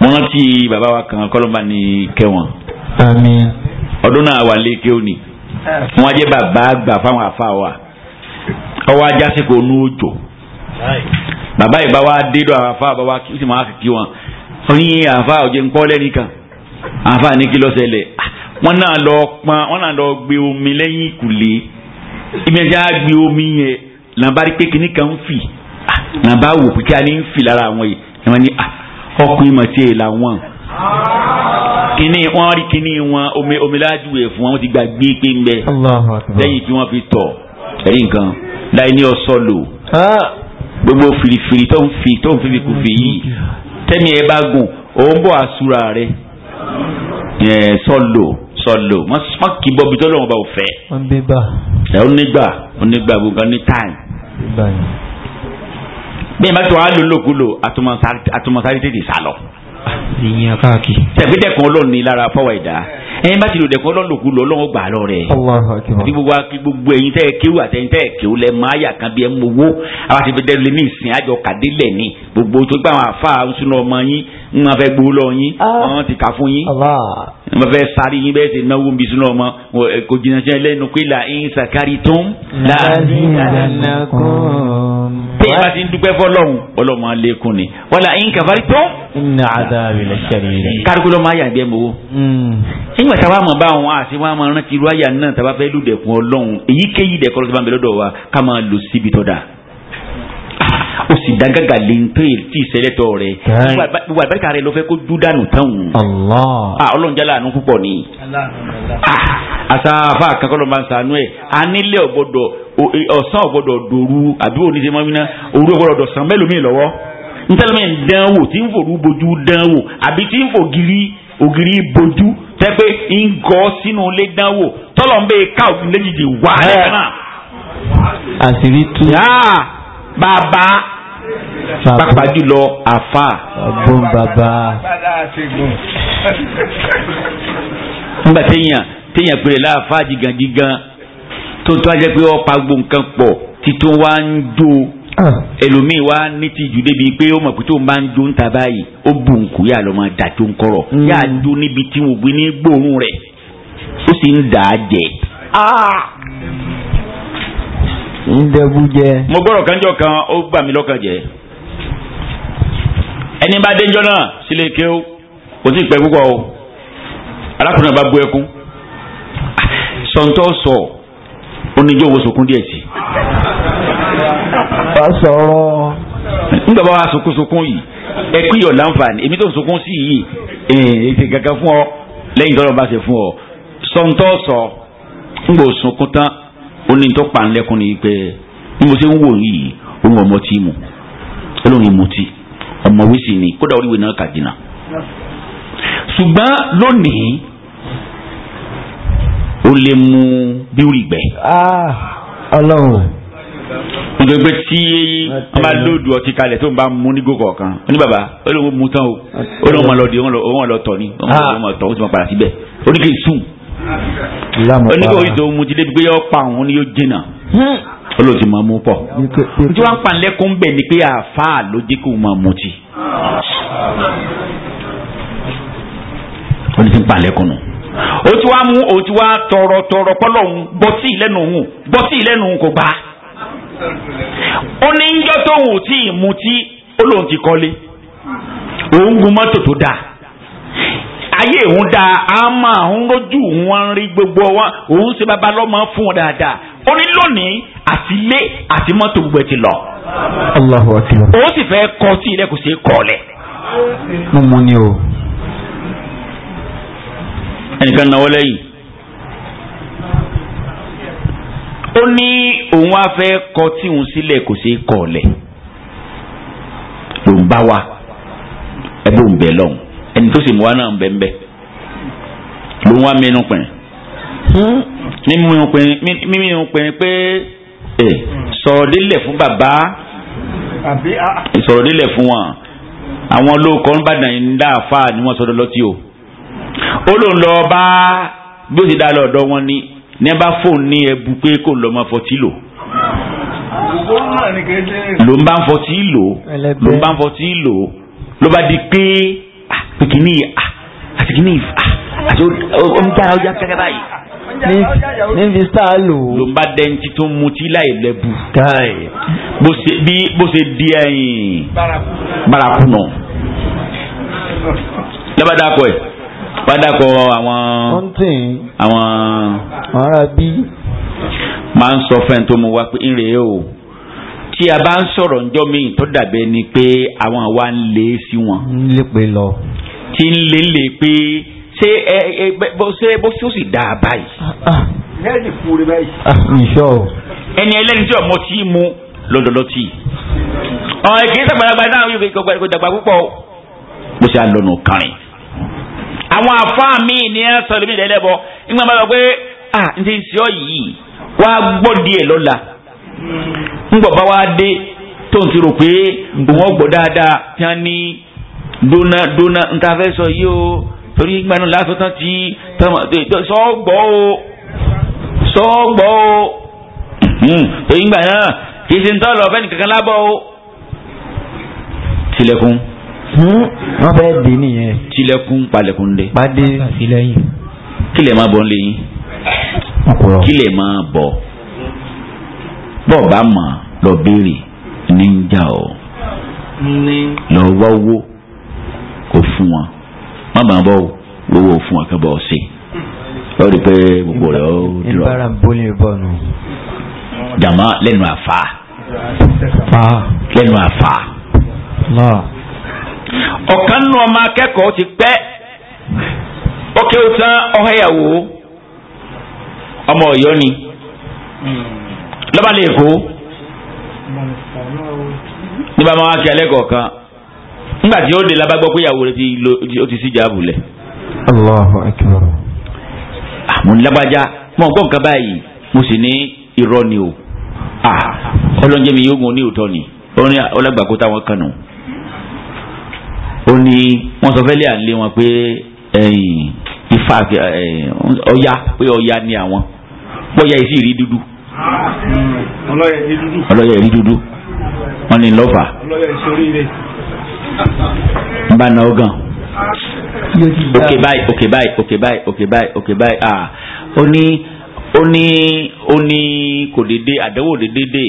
mo rántí bàbá wa kan kọ́lọ́mbà ní kẹwọn ọdún náà wà lé kéwòn wọ́n jẹ́ bàbá àgbà fáwọn afa wa ọwọ́ ajá sí kò nu òjò bàbá yìí bá wa dédò àwọn afa bá wa kí wọn kí wọn oyin àfa òjò ń pọ́ lẹ́nìkan àfa ní kí ló ṣẹlẹ̀ ah, wọn náà lọ pọn wọn náà lọ gbé omi lẹ́yìn ìkùlé ibi ẹja gbé omi yẹn làbá rí pé kíní kan ń fì ah, làbá wò pé kí a ní ń fì lára àwọn yìí ẹ wọn ní ah, ọkùnrin mọ̀ sí èèlà wọn kíní wọn rí kíní wọn omi omi lájú ẹ̀ fún wọn ti gbàgbé pé ń bẹ lẹ́yìn tí wọ́n fi tọ̀ ẹ̀yìn kan láì ní ọsọ lò gbogbo fìrìfìrì tó ń fi tó ń fi kù fi oh yìí tẹ́mi ẹ bá gùn òun bọ̀ àsúra rẹ sọlò sọlò wọ́n kì í bọ́ bitọ́ lọ́wọ́ bá ò fẹ́. ẹ ó nígbà ó nígbà gbogbo ní táìm. bẹ́ẹ̀ bá tó wàá lò àtúmọ̀sáré tètè sálọ. ìyẹn káàkiri. tẹ̀gbẹ́dẹ̀kùn olóòní lára fọwọ́ ìdá ẹ̀yin bá ti lò dẹ̀kọ́ lọ́lọ́kù lọ lọ́wọ́ gbà lọ rẹ̀. ní gbogbo gbogbo ẹ̀yin tẹ́ ẹ kéwù àtẹ̀yin tẹ́ ẹ kéwù lẹ máa yà kan bí ẹ mú owó àwọn àti fẹ́ẹ́ lé ní ìsìn àjọ kàdélẹ̀ ni gbogbo tó gbà wọn àfa ń ọmọ yín ń wọn fẹ́ gbowó lọ yín ah. wọn ti kà fún yín mo fẹ́ sáré yín bẹ́ẹ̀ ṣe náwó bí sunu ọmọ eh, kò jìnnà sí ẹlẹ́nu pé là ń sàkárì tó ń. bí a bá ti ń dúpẹ́ fọlọ́hún ọlọ́mọ alẹ́kùn ni wàlà ń kàfárí tó. iná adáàbí lè ṣẹlẹ̀ rẹ̀. kárikúlọ̀ máa yà dé mowó. nígbà tá a bá mọ̀ bá àwọn àti wọn a máa rántí irú àyà náà tá a bá fẹ́ lù dẹ̀kun ọlọ́hún èyíkéyìí dẹ̀kọ́ lọ́sọ̀ bá ń bẹ lọ́dọ̀ wa ká máa lò síbi tó dáa o sì dágàgà lè ń tó yìí tí ìṣẹ̀lẹ̀ tọ rẹ gbogbo àbẹ̀ríkà rẹ ló fẹ́ kó dúdánù tán o ọlọ́njálá àánú púpọ̀ ni àṣà afa àkàkọ́ ló máa ń sànú ẹ̀ anílẹ̀ ọ̀gbọ́dọ̀ ọ̀sán ọ̀gbọ́dọ̀ dòru àbí oníṣẹ́ mọ́mínà òru ọ̀gbọ́dọ̀ dọ̀sán mẹ́lòmíì lọ́wọ́ ntẹ́lẹ́mẹ̀ ń dán wò tí ń fòru bojú dán wò àbí tí ń fò gírí ògiri bojú tẹ́pẹ́ ń gọ́ sínú ilé dán wò tọ́lọ̀ ń bẹ́ẹ̀ ká ògiri léjìjì wá ẹ̀ náà. àṣírí tú. yáa bàbá pàápàá jùlọ àfà. ọgbọ́n bàbá. nígbà téèyàn téèyàn pèrè láàfà gigangigan tó tó ajẹ́ pé ọ̀pá gbòǹkan pọ̀ títún wá ń jó ah. ẹlòmíì wa ní ti jù débi pé ó mọ̀ pé tó ń bá ń jó ń ta báyìí ó bù ń kú yà lọ́ máa tó ń kọ̀rọ̀ hmm. yà á níbi tí wò gbé ní gbòòrùn rẹ̀ ó sì ń dà á jẹ. Ah! ń dẹ́bu jẹ. mo gbọ́dọ̀ kanjọ kan ó bà mí lọ́kàn jẹ́ ẹni bá dénjọ́ náà sílé ké o kò sí ìpẹ́ púpọ̀ o arákùnrin bá bu ẹkún sọ̀ǹtọ̀ sọ oníjó wo sọkún díẹ̀ sí. wà á sọ̀rọ̀. nígbà bá wa sọkún sọkún yìí ẹkú yọ̀ láǹfààní èmi tó sọkún sí yìí ètè eh, kankan fún ọ lẹ́yìn tọ́lọ́ bá ṣe fún ọ sọ̀ǹtọ̀ sọ ń gbò sọkún tán ó ní tó pa ńlẹ́kùn ni pé bí mo ṣe ń wò yìí òun ọmọ tí mu olóhùn ìmutí ọmọ wíṣì ni kódà oríwé náà kà jìnnà. ṣùgbọ́n lónìí ó lè mú bíwì gbẹ. Ah, ọlọ́run. gbogbo tí wọ́n bá lóòdù ọtí kalẹ̀ tó ń bá mú ní gòkò kan ó ní bàbá ó mú tán o ó lóun òun lọ ni òun lọ́ọ́ ah. mọ̀ tọ̀ ó ti mọ̀ padà síbẹ̀ ó oníkòrí tó mutí débi pé yọ pa òun ni yóò jìnnà hmm. olóòtú máa mú pọ̀ tí wọ́n pa lẹ́kùn bẹ̀ ni pé àáfàá ló jẹ́ kó máa mutí ó ní ti ń pa lẹ́kùn nù ó ti wá mú ó ti wá tọrọ tọrọ pọ́lọ́ òun bọ́ sí ìlẹ́nu òun bọ́ sí ìlẹ́nu òun kò gbà á tóun ò tí ì mutí ó lóun ti òun gun mọ́tò tó dáa ayé òun da àmọ́ òun rójú wọn rí gbogbo wọn òun ṣe babalọ́mọ fún wọn dáadáa ó ní lónìí àti ilé àti mọ́tò gbogbo ẹ̀ ti lọ. Allahu akbar. ó sì fẹ́ kọ́ sí ilé kò sí kọ́ lẹ̀. mo mọ ni o. ẹnìkan náwó lẹ́yìn. ó ní òun á fẹ́ kọ́ tí òun sílẹ̀ kò sí kọ́ lẹ̀. ló ń bá wa ẹ bó ń bẹ lọ́hùn ẹni tó sì mú wa náà bẹ́ẹ̀nbẹ́ẹ́ ló ń wá mínú pin hmm? mímú pin mímú pin pé sọ̀rọ̀ délẹ̀ fún bàbá sọ̀rọ̀ délẹ̀ fún wọn àwọn olóòkọ́ ń bàdàn yìí ń dá àfa ni wọ́n sọ̀rọ̀ lọ́tí o ó ló ń lọ bá bí ó ti dá lọ́dọ̀ wọn ni ní ẹ bá fóun ní ẹbu pé kò lọ́ máa fọtí lò ló ń bá ń fọtí lò ló ń bá ń fọtí lò ló bá di pé. Ah, pé kìíní yìí ah, àti kìíní yìí àti oníjà ọjà kẹkẹ báyìí. níbi star lò. ló ń bá dẹ́ntì tó mutí láì lẹ́bù. káì. bó ṣe bí bó ṣe di ẹyin. baraku nù. lábàdà kọ ẹ padà kọ àwọn. àwọn. àwọn ará bí. máa ń sọ fẹ́ǹtò mu pé ń o tí a bá ń sọ̀rọ̀ ńjọ́ míì tó dàbẹ́ ni pé àwọn àwa ń lé sí wọn. ń lè pé lọ. ti ń lè lè pé ṣé ẹ ẹ bó ṣe bó ṣe ó sì dáa báyìí. Ah, ah. lẹ́yìn kúrẹ́ báyìí. ìṣọ́. Ah, ẹni ẹlẹ́ni tí ọmọ tí mu lọ́dọọdọ tí. ọ̀rọ̀ kì í sàgbàlagbà náà yóò fi gbàgbà dàgbà púpọ̀ bó ṣe àlọ́nà kárìn. àwọn àfáà míì ní ẹ sọ lómi ìdẹ́lẹ́bọ nígbà máa lọ pé ah n ti sọ yìí wàá gbọ́ díẹ̀ lọ́la ńgbọ̀ bá wá dé tó ń ti rò pé òun ọ̀gbọ̀ dáadáa tí wọ́n ní dóná dóná nta fẹ́ sọ yìí o torí ìgbà náà lásán tán ti sọ́ọ̀gbọ́ o sọ́ọ̀gbọ́ o hmm, torí ìgbà náà kì í ṣe ń tọ́ lọ fẹ́ nìkankan lábọ́ o tilẹ̀kùn. Hmm, wọ́n fẹ́ dì nìyẹn. tilẹ̀kùn palẹ̀kùn dé. pàdé sílẹ̀ yìí. kílẹ̀ máa bọ̀ ń yín. kílẹ̀ máa bọ̀ bọ́ọ̀ bá mọ̀ lọ béèrè ní ń jà ọ́ lọ wá owó kò fún wọn má bàa bọ́ owó fún wọn kẹ́ bọ́ ọ sí ọ rí i pé gbogbo rẹ̀ ó dúró. ìbára bólú ìbọn nù. jàmá lẹ́nu àfa lẹ́nu àfa. ọ̀kan nù ọmọ akẹ́kọ̀ọ́ ti pẹ́ ó kéwù tán ọ̀hẹ́yàwó ọmọ ọ̀yọ́ ni. Hmm lọ́ba lè kó ní bá máa kí alẹ́ kọ̀ọ̀kan nígbà tí ó dé labá gbọ́ pé ìyàwó rẹ̀ ti sí ìjáàbù lẹ̀. Allahu akbar. àmọ́ lágbájá mo gbọ́ nǹkan báyìí mo sì ní irọ́ ni o ọlọ́njẹ́ mi yóò gun ní òótọ́ ni ọlọ́gbàkó táwọn kan nù ó ní wọ́n sọ fẹ́lẹ́ à wọn pé ifá ọya pé ọya ni àwọn bóyá ìsì rí dúdú ọlọ́yẹ̀ rí dúdú wọ́n ní lọ́fà n bá na ọgàn òkè báyìí òkè báyìí òkè báyìí òkè báyìí òkè báyìí ah ó ní ó ní ó ní kò dédé àdánwò dédé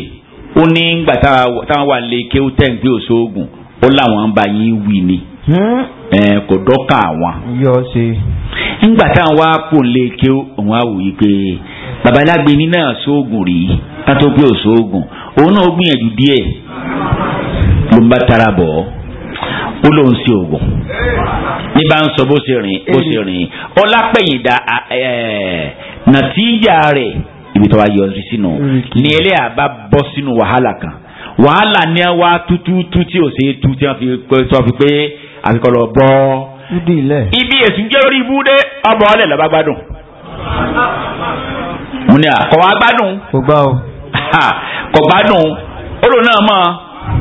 ó ní gbà táwọn wà lè kéwú tẹ̀ ń gbé òṣoògùn ó láwọn ń bá yín wí ni. Hmm? kò dọ́kà àwọn. nígbà táwọn wá pò lé kí òun á wòye pé babalágbé ní náà sóògùn rí ká tó òun náà gbìyànjú díẹ̀ ló ń bá tara bọ̀ ó lóun sí oògùn ní bá ń sọ bó ṣe rìn bó ṣe rìn ọlápẹ̀yìndà nàtíjà rẹ̀ ibi tó wá sínú hmm. bọ́ sínú wàhálà kan wàhálà ni àti kọ́ lọ bọ́. ibi èsì jẹ́ orí ibú dé ọmọ ọlẹ̀ lọ́ba gbádùn. mo ní à kọ́ wa gbádùn. kò gbá o. kò gbádùn olú náà mọ̀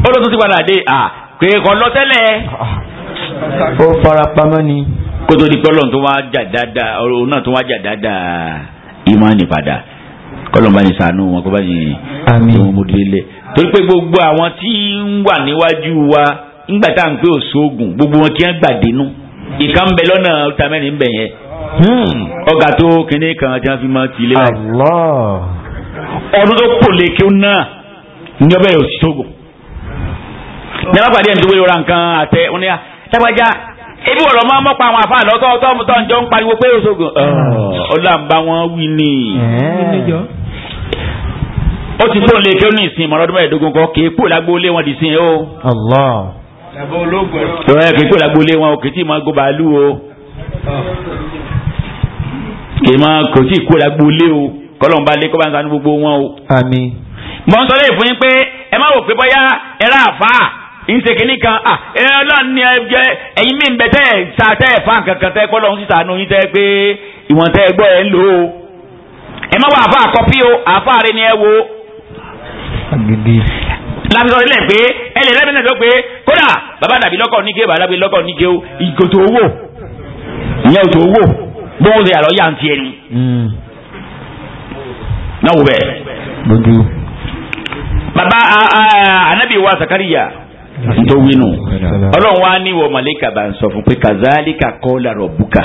olú tó ti padà dé à pé kò lọ tẹ́lẹ̀. ó fara pamọ́ ni. kótó di pé ọlọ́run tó wá jà dáadáa ọlọ́run náà tó wá jà dáadáa ìmọ̀ ni padà kọlọ̀ bá ní sànú wọn kó bá ní tí wọ́n mú délé torí pé gbogbo àwọn tí ń wà níwájú wa ńgbà tá à ń pé òṣoògùn gbogbo wọn kí wọ́n gbàdénú ìka ń bẹ lọ́nà ọ̀tá mẹ́rin ń bẹ yẹn hmm. ọ̀gá tó kinní kan tí wọ́n fi máa ti ilé wa. ọdún tó kò lè kí ó náà ní ọbẹ̀ yóò ṣoògùn. ní alápàdé ẹni tó wéyọ̀ ra nǹkan àtẹ wọn ni tábàjá ebi wọ̀rọ̀ máa mọ́pa àwọn àfa lọ́tọ́ọ̀tọ́ mu tọ́njọ́ ń pariwo pé òṣoògùn. Ah. ọlọ́àmbá wọn wí ni. Eh. ó ti kúrò lè kí ó ní ìsìn ìmọ̀ràn ọdún mẹ́ẹ̀ẹ́dógún kan kì í kúrò lágbó ilé wọn dì sí i o bàbá ológun ẹ̀. ìwọ ẹ̀ wọn kì í tí máa gbóba lú o kì í máa kò tí ì kó lágbólé o kọ́lọ́n bá lé kọ́ bá ń sanú gbogbo wọn o. àmín. mo ń sọ lẹ́yìn fún yín pé ẹ má wò pé bóyá ẹ rà àfà nse kini kan ah ẹyìn Ọlọ́run ni ẹ jẹ ẹyin mi bẹ tẹ sa tẹ fan kankan tẹ kọlọ ń sísànú yín tẹ pé ìwọ̀n tẹ gbọ́ ẹ ń lò ó ẹ má wọ àfa àkọ́pí o àfa rẹ ni ẹ wo láti sọ sílẹ̀ pé ẹlẹ́ lẹ́mìnà tó pé kódà bàbá dàbí lọ́kọ̀ nígé bàbá dàbí lọ́kọ̀ nígé o ìgò tó wò ìyẹn ò tó wò bó ń ṣe àlọ́ yà ń tiẹ̀ ni. náà wò bẹ́ẹ̀. bàbá anabi wa Zakariya tó wínú ọlọ́run wa ní wọ màlẹ́kà bá ń sọ fún pé kazalika qala rabbuka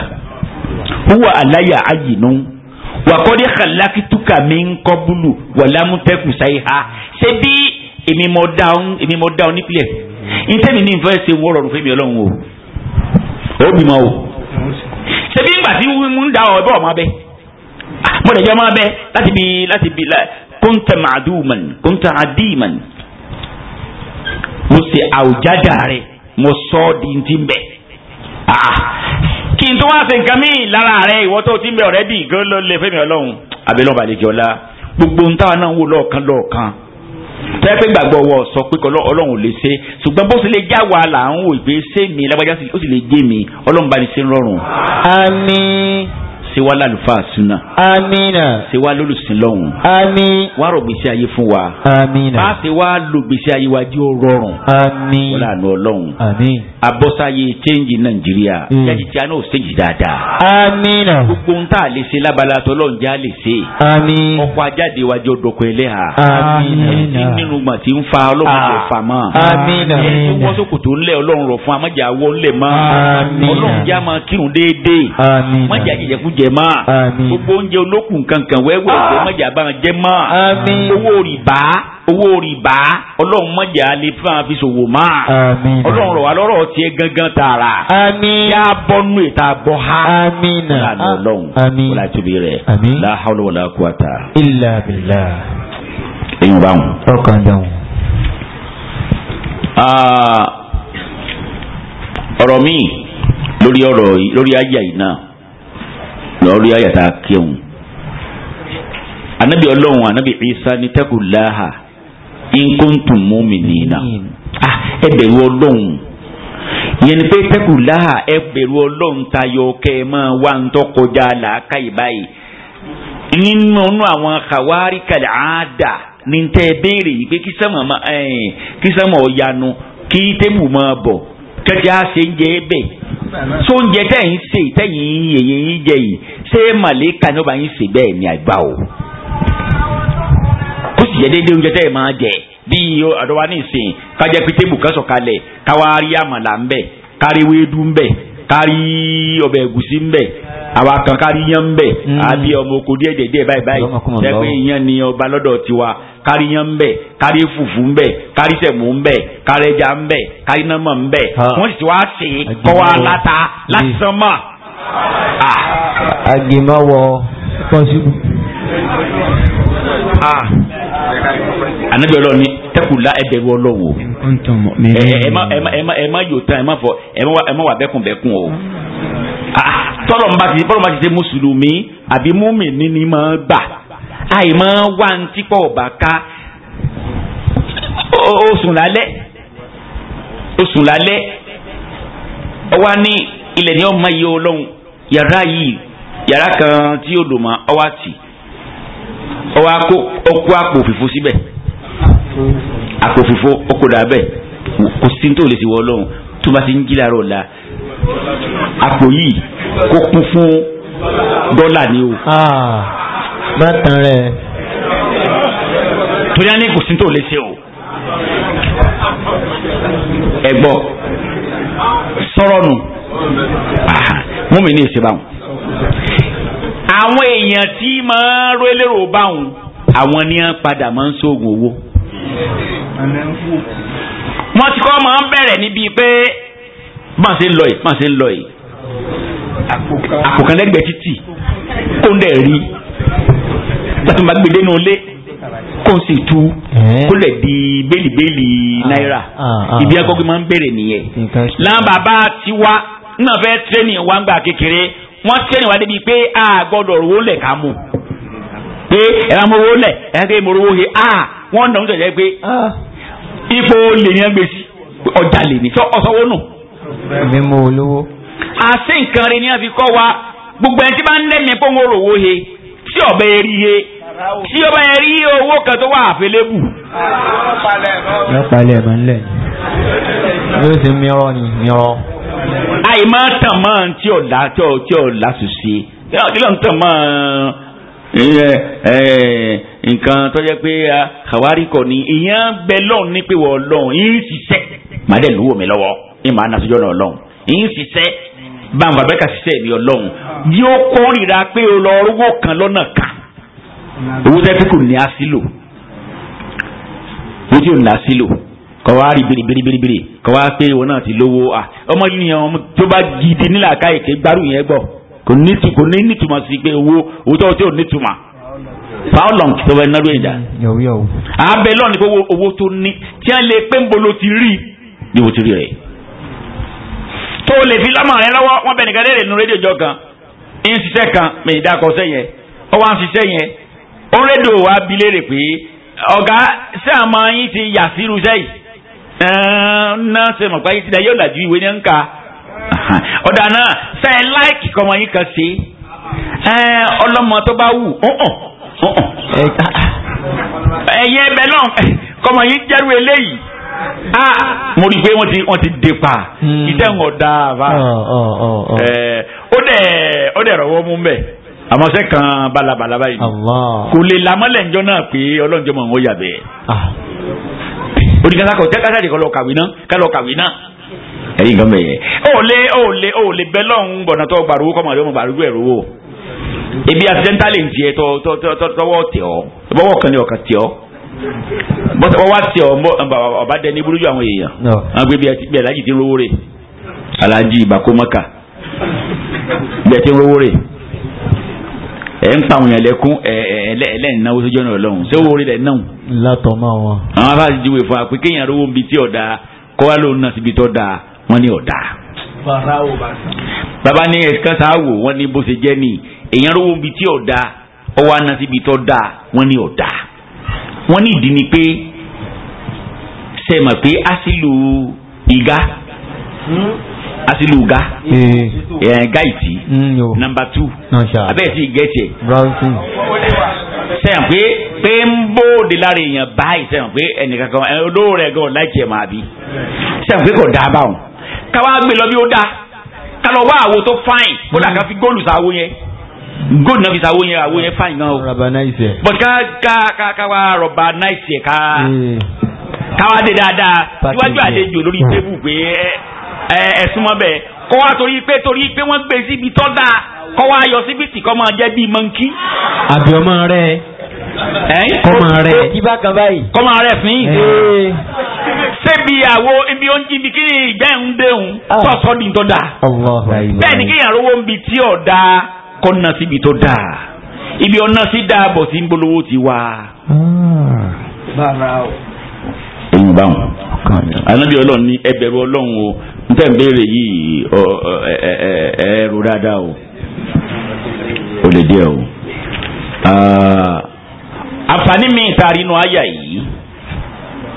huwa aláyà ayinú wàkọ́dé khalakituka min qablu wàlámùtẹ́kùsáyé ha ṣé bí èmi mo dá ọ èmi mo dá ọ nípìlẹ̀ ntẹ́mi ní nfẹ́ ṣe wọ́rọ̀ ọ̀rùn fẹ́mi ọlọ́run o ó bì mọ́ o ṣebí ńgbà tí mo ń da ọ ẹ bọ́ ọ máa bẹ ah, mo dẹ̀ jẹ́ máa bẹ láti bi láti bi kóńtà màdùmán kóńtà àdìmán mo ṣe àwùjádà rẹ mo sọ ọ́ di ti bẹ̀ ah, kí n tó wá ṣe nǹkan míì lára rẹ ìwọ tó ti ń bẹ ọ̀rẹ́dì gan ló lè fẹ́mi ọlọ́run àbẹ̀lọ́balẹ̀ kí ọlá gbogbo ń náà wò lọ́ọ̀kan lọ́ọ̀kan tẹ́ gbàgbọ́ wọ sọ pé ọlọ́run ò lè ṣe ṣùgbọ́n bó ṣe lè já wa là ń wò pé mi lágbájá ó sì lè jẹ́ mi ọlọ́run bá ní ṣe ń rọrùn. àmín ṣéwá lálùfáà súnà. amina. ṣéwá lólùsìn lọ́hùn. ami. wàá rọ gbèsè ayé fún wa. amina. bá a ṣe wá lo gbèsè ayé wa di ó rọrùn. ami. wọ́n lànà ọlọ́hun. ami. abọ́sáyé change nàìjíríà. jáde mm. tí a náà ṣèjì dáadáa. amina. gbogbo ń tà lè ṣe lábala tọ́lọ́run já lè ṣe. ami. ọkọ̀ ajáde wa jọ dọ̀kọ̀ ẹlẹ́hà. amina. ẹni nínú gbọ̀n tí ń fa ọlọ́run rọ̀ ah. fà mọ́. amina. ẹni tó wọ́n sókòtò ńlẹ̀ ọlọ́run fún amájà wọ́n lẹ̀ mọ́. amina. ọlọ́run já máa kírun déédéé. amina. májà jẹ mọ́. àmín. gbogbo oúnjẹ olókùn kankan wẹ́wẹ́ ah! ẹ̀jẹ̀ mọ̀jà bá wọn jẹ mọ́. àmín. owó rìbá owó rìbá ọlọ́run mọ̀jà lè fún àwọn afisòwò mọ́. àmín. ọlọ́run rọ̀ wá lọ́rọ̀ tiẹ̀ gangan tààrà. àmín. yà á bọ́nú ìta bọ́ ha. àmín ah! ọlọ́run. wọlé àtúbí rẹ̀. àmín la hawla wala quwata. illa billah. eyín bá wọn. ọkàn dáhùn. Ah! ọ̀rọ̀ mi lórí ọ̀rọ̀ lórí ayé àyìn náà lọ́ọ́rí àyàtà kéwòn anabi ọlọ́run anabi isa ni tẹ́kùláhà nkuntum mu'minina ah ẹ bẹ̀rù ọlọ́run yẹn ni pé tẹ́kùláhà ẹ bẹ̀rù ọlọ́run tayọ kẹ́ ẹ máa wá ń tọkọjá làákà ìbáyìí nínú àwọn kàwárí kàlẹ́ àádà ní tẹ́ ẹ béèrè yìí pé kí sẹ́mọ̀ ọ̀yanu kí tébù máa bọ̀ kẹjá ṣe ń jẹ bẹ́ẹ̀ so ń jẹ tẹ̀yìn ṣe tẹ̀yìn èyí yín jẹ yìí ṣé màlẹ́kà ní ọba yín ṣe bẹ́ẹ̀ ni àgbà o kó sì jẹ déédéé oúnjẹ tẹ̀yìn máa jẹ bí àdọ́wà ní ìsìn kájẹ́ pé tébù kẹsọ̀kalẹ̀ káwá rí àmàlà ń bẹ̀ kárí wéédú ń bẹ̀ Kari ọbẹ̀ ẹ̀gúsí ń bẹ̀ àwa kan kárí yán ń bẹ̀ àbí hmm. ọmọ oko díẹ̀ díẹ̀ díẹ̀ báyìí báyìí tẹ́gbẹ́ ìyán ni ọba lọ́dọ̀ tiwa kárí yán ń bẹ̀ kárí fùfú ń bẹ̀ kárí sẹ̀mú ń bẹ̀ kárí ẹja ń bẹ̀ kárí nọ́mọ̀ ń bẹ̀ wọ́n sì wá sí i kọ́wá láta lásán mọ́. agimawọ pọsibu. anabi Ọlọ́run ni wàtẹ́kùlá ẹbẹ̀rù ọlọ́wọ́ ẹ má yóò tán ẹ má wà bẹ́kùnbẹ́kùn o ah, tọ́lọ̀ ń bá ti tọ́lọ̀ ń bá ti ṣe mùsùlùmí àbí múmi níní máa gbà àìmọ́ wá ń típọ̀ ọ̀bà ká ó sùn lálẹ́ ó sùn lálẹ́ ọwá ilẹ̀ ní ọmọ yìí ọlọ́run yàrá yìí yàrá kan tí yóò dò mọ́ ọwá tì ọwá kó ọkú àpò òfìfo síbẹ̀ àpòfìfo ọkọ̀ dà bẹ́ẹ̀ kò sí tó lè ti wọ ọlọ́run tó bá ti ń jí láàárọ̀ la àpò yìí kó kún fún dọ́là ni o. má ah, tán rẹ. torí á ní kò sí tó lè ṣe o. ẹ gbọ́ sọ̀rọ̀ nù ah, mú mi ní ìṣe báwọn. àwọn èèyàn tí máa ń ró elérò báwọn àwọn ni wọn padà máa ń ṣoògùn owó wọ́n ti kọ́ máa ń bẹ̀rẹ̀ níbi pé máa ṣe ń lọ yìí máa ṣe ń lọ yìí àpòkànlẹ́gbẹ̀ẹ́ títì kó ń dẹ̀ rí láti máa gbèdé e nù lé kó ń sì tú kó lè di bẹ́ẹ̀lì bẹ́ẹ̀lì ah, náírà ah, ah. ibi akọ́gbé máa ń bẹ̀rẹ̀ nìyẹn láǹbà bá ti wá náà fẹ́ tírénì wa ń gbà kékeré wọ́n tírénì wa débi pé a gbọ́dọ̀ rówó lẹ̀ ká mú pé ẹ̀rọ amówó lẹ̀ ẹ̀rọ amówó he a wọ́n nà ń tẹ̀lé pé ipò olè yẹn gbèsè ọjà lè ní ọ̀sọ́wọ́ nù. mímú olówó. àṣé nǹkan rẹ ni a fi kọ́ wa gbogbo ẹni tí bá ń lẹ́mìí pé wọ́n rówó he tí ọ̀bẹ rí he tí ọba yẹn rí owó kan tó wà àfẹlẹ́bù. yóò palẹ̀ mọ́ nílẹ̀ yóò sì mìíràn ni mìíràn. àyè máa tàn máa ń tí ọ̀la tí ọ̀la tí ọ̀la ń tàn máa. Eh, nǹkan tó jẹ́ pé àwárí kò ní ìyẹn bẹ lọ́hùn ní pé wọ́n lọ́hùn yín ṣiṣẹ́ màá dẹ̀ lówó mi lọ́wọ́ yín màá nasọjọ́ náà lọ́hùn yín ṣiṣẹ́ báwọn bàbá ṣiṣẹ́ mi ọlọ́hùn yóò kórìíra pé o lọ rówó kan lọ́nà kan owó tẹ́tí kò ní asílò owó tí o ní asílò kọ́ wá rí biribiribiri kọ́ wá pé ìwọ náà ti lówó ọmọ yìí ni ọmọ tó bá gidi nílà káyìí ké gbárù yẹn gbọ́ kò ní tu kò ní nítumọ̀ sí pé owó owó tó tí ò nítumọ̀ fáwọlọ̀ tó bẹ náró ìjà. abẹ lọ ni owó owó tó ní tí a lè pé nbolo ti rí ni o ti rí rẹ. tó o lè fi lámà rẹ lọ́wọ́ wọn bẹ nìkan léèrè nu rédíò jọ kan ń ṣiṣẹ́ kan mi ìdá akọ̀ṣẹ́ yẹn ó wá ń ṣiṣẹ́ yẹn ó rédíò wa bi léèrè pé ọ̀gá ṣé àmọ́ yín ti yà sírú sẹ́yìn náà ṣe mọ̀ pé ayé ti dá yóò làjú ìwé ní ń ka. ọ̀dà náà ṣe é láìkì kọ́mọ yín kan sí ọlọ́mọ tó bá wù ẹ̀yẹ ah, ah. ẹbẹ̀ náà kọ́mọ yín jẹ́rú eléyìí ah, mo rí i pé wọ́n ti wọ́n ti dé pa ìtẹ̀wọ̀n ọ̀dà àbá ó dẹ̀ ó dẹ̀ rọ̀wọ́ mú bẹ́ẹ̀ àmọ́ kan balabala báyìí kò lè lamọ́lẹ̀ ńjọ́ náà pé ọlọ́njọ́ mọ̀ ń wọ́yà bẹ́ẹ̀ oníkàtà kò tẹ́ kásá de kọ́ lọ kàwé náà kálọ̀ kàwé náà. ẹ̀yìn nǹkan bẹ̀yẹ. ó lé ó lé ó lé bẹ́ẹ̀ lọ́hùn gbọ̀nà tó kọ́ màdé ọmọ wò. ibi accidentally ń tiẹ̀ tọ́ tọ́wọ́ kan ní bọ́sẹ̀ wọ́n wá ọba dẹni burúkú àwọn èèyàn. àwọn gbé bí alájì ti ń rówó rè alájì ìbákómọ́kà bí ẹ ti ń rówó rè ẹ ń pa àwọn yẹn lẹkún ẹ ẹ lẹ́yìn náwó sójú ọ̀nà ọlọ́run ṣé owó rẹ̀ náà. látọ̀ máa wọn. àwọn fún wa wọ́n ní ọ̀dà. bàbá ní ẹ̀ka sáwò wọ́n ní bó ṣe jẹ́ ni èèyàn rówó bíi tí ọ̀dà ọwọ́ aná síbi tó dà wọ́n ní ọ̀dà. wọ́n ní ìdí ni pé ṣe pé asilu ìga hmm? asilu ga eh. eh, gaiti hmm, namba two abẹ́ẹ̀ sì gẹ̀ẹ́tì sẹ́yìn pé pé ń bóde lára èèyàn báyìí sẹ́yìn pé ẹnìkan kan olówó rẹ̀ gan láìkí ẹ̀ máa bí sẹ́yìn pé kò dáa báwọn káwá gbé lọ bí ó dáa ká lọ wá àwo tó fáìn kódà ká fi góòlù sáwó yẹn góòlù náà fi sáwó yẹn àwo yẹn fáìn gan o but ká ká ká wá rọba náìsì ẹ̀ ká hmm. káwá dé dáadáa síwájú àlejò lórí hmm. tébù pé ẹ̀sùn mọ́ bẹ́ẹ̀ kọ́ wá torí pé torí pé wọ́n gbé síbi tọ́ dáa kọ́ wá yọ síbi tì kọ́ máa jẹ́ bíi mọ́ńkì. àbíọ́mọ́ rẹ̀ kọ́mọ rẹ! fún yìí. ṣébi àwo ibi oúnjẹ ibi kí ìgbẹ́ ń déhùn tọ́sọ́ tó dáa. bẹ́ẹ̀ ni kéèyàn rówó ń bi tí ò dáa kọ́ ná síbi tó dáa ibi ọ̀nà sí dáa bọ̀ sí ti wá. ẹyin báwọn anabi Ọlọ́run ní ẹbẹ̀rù Ọlọ́run o n ń béèrè yìí ẹ̀ẹ́rù dáadáa o ò lè díẹ̀ o. àǹfààní mi ìtaari nu àyà yìí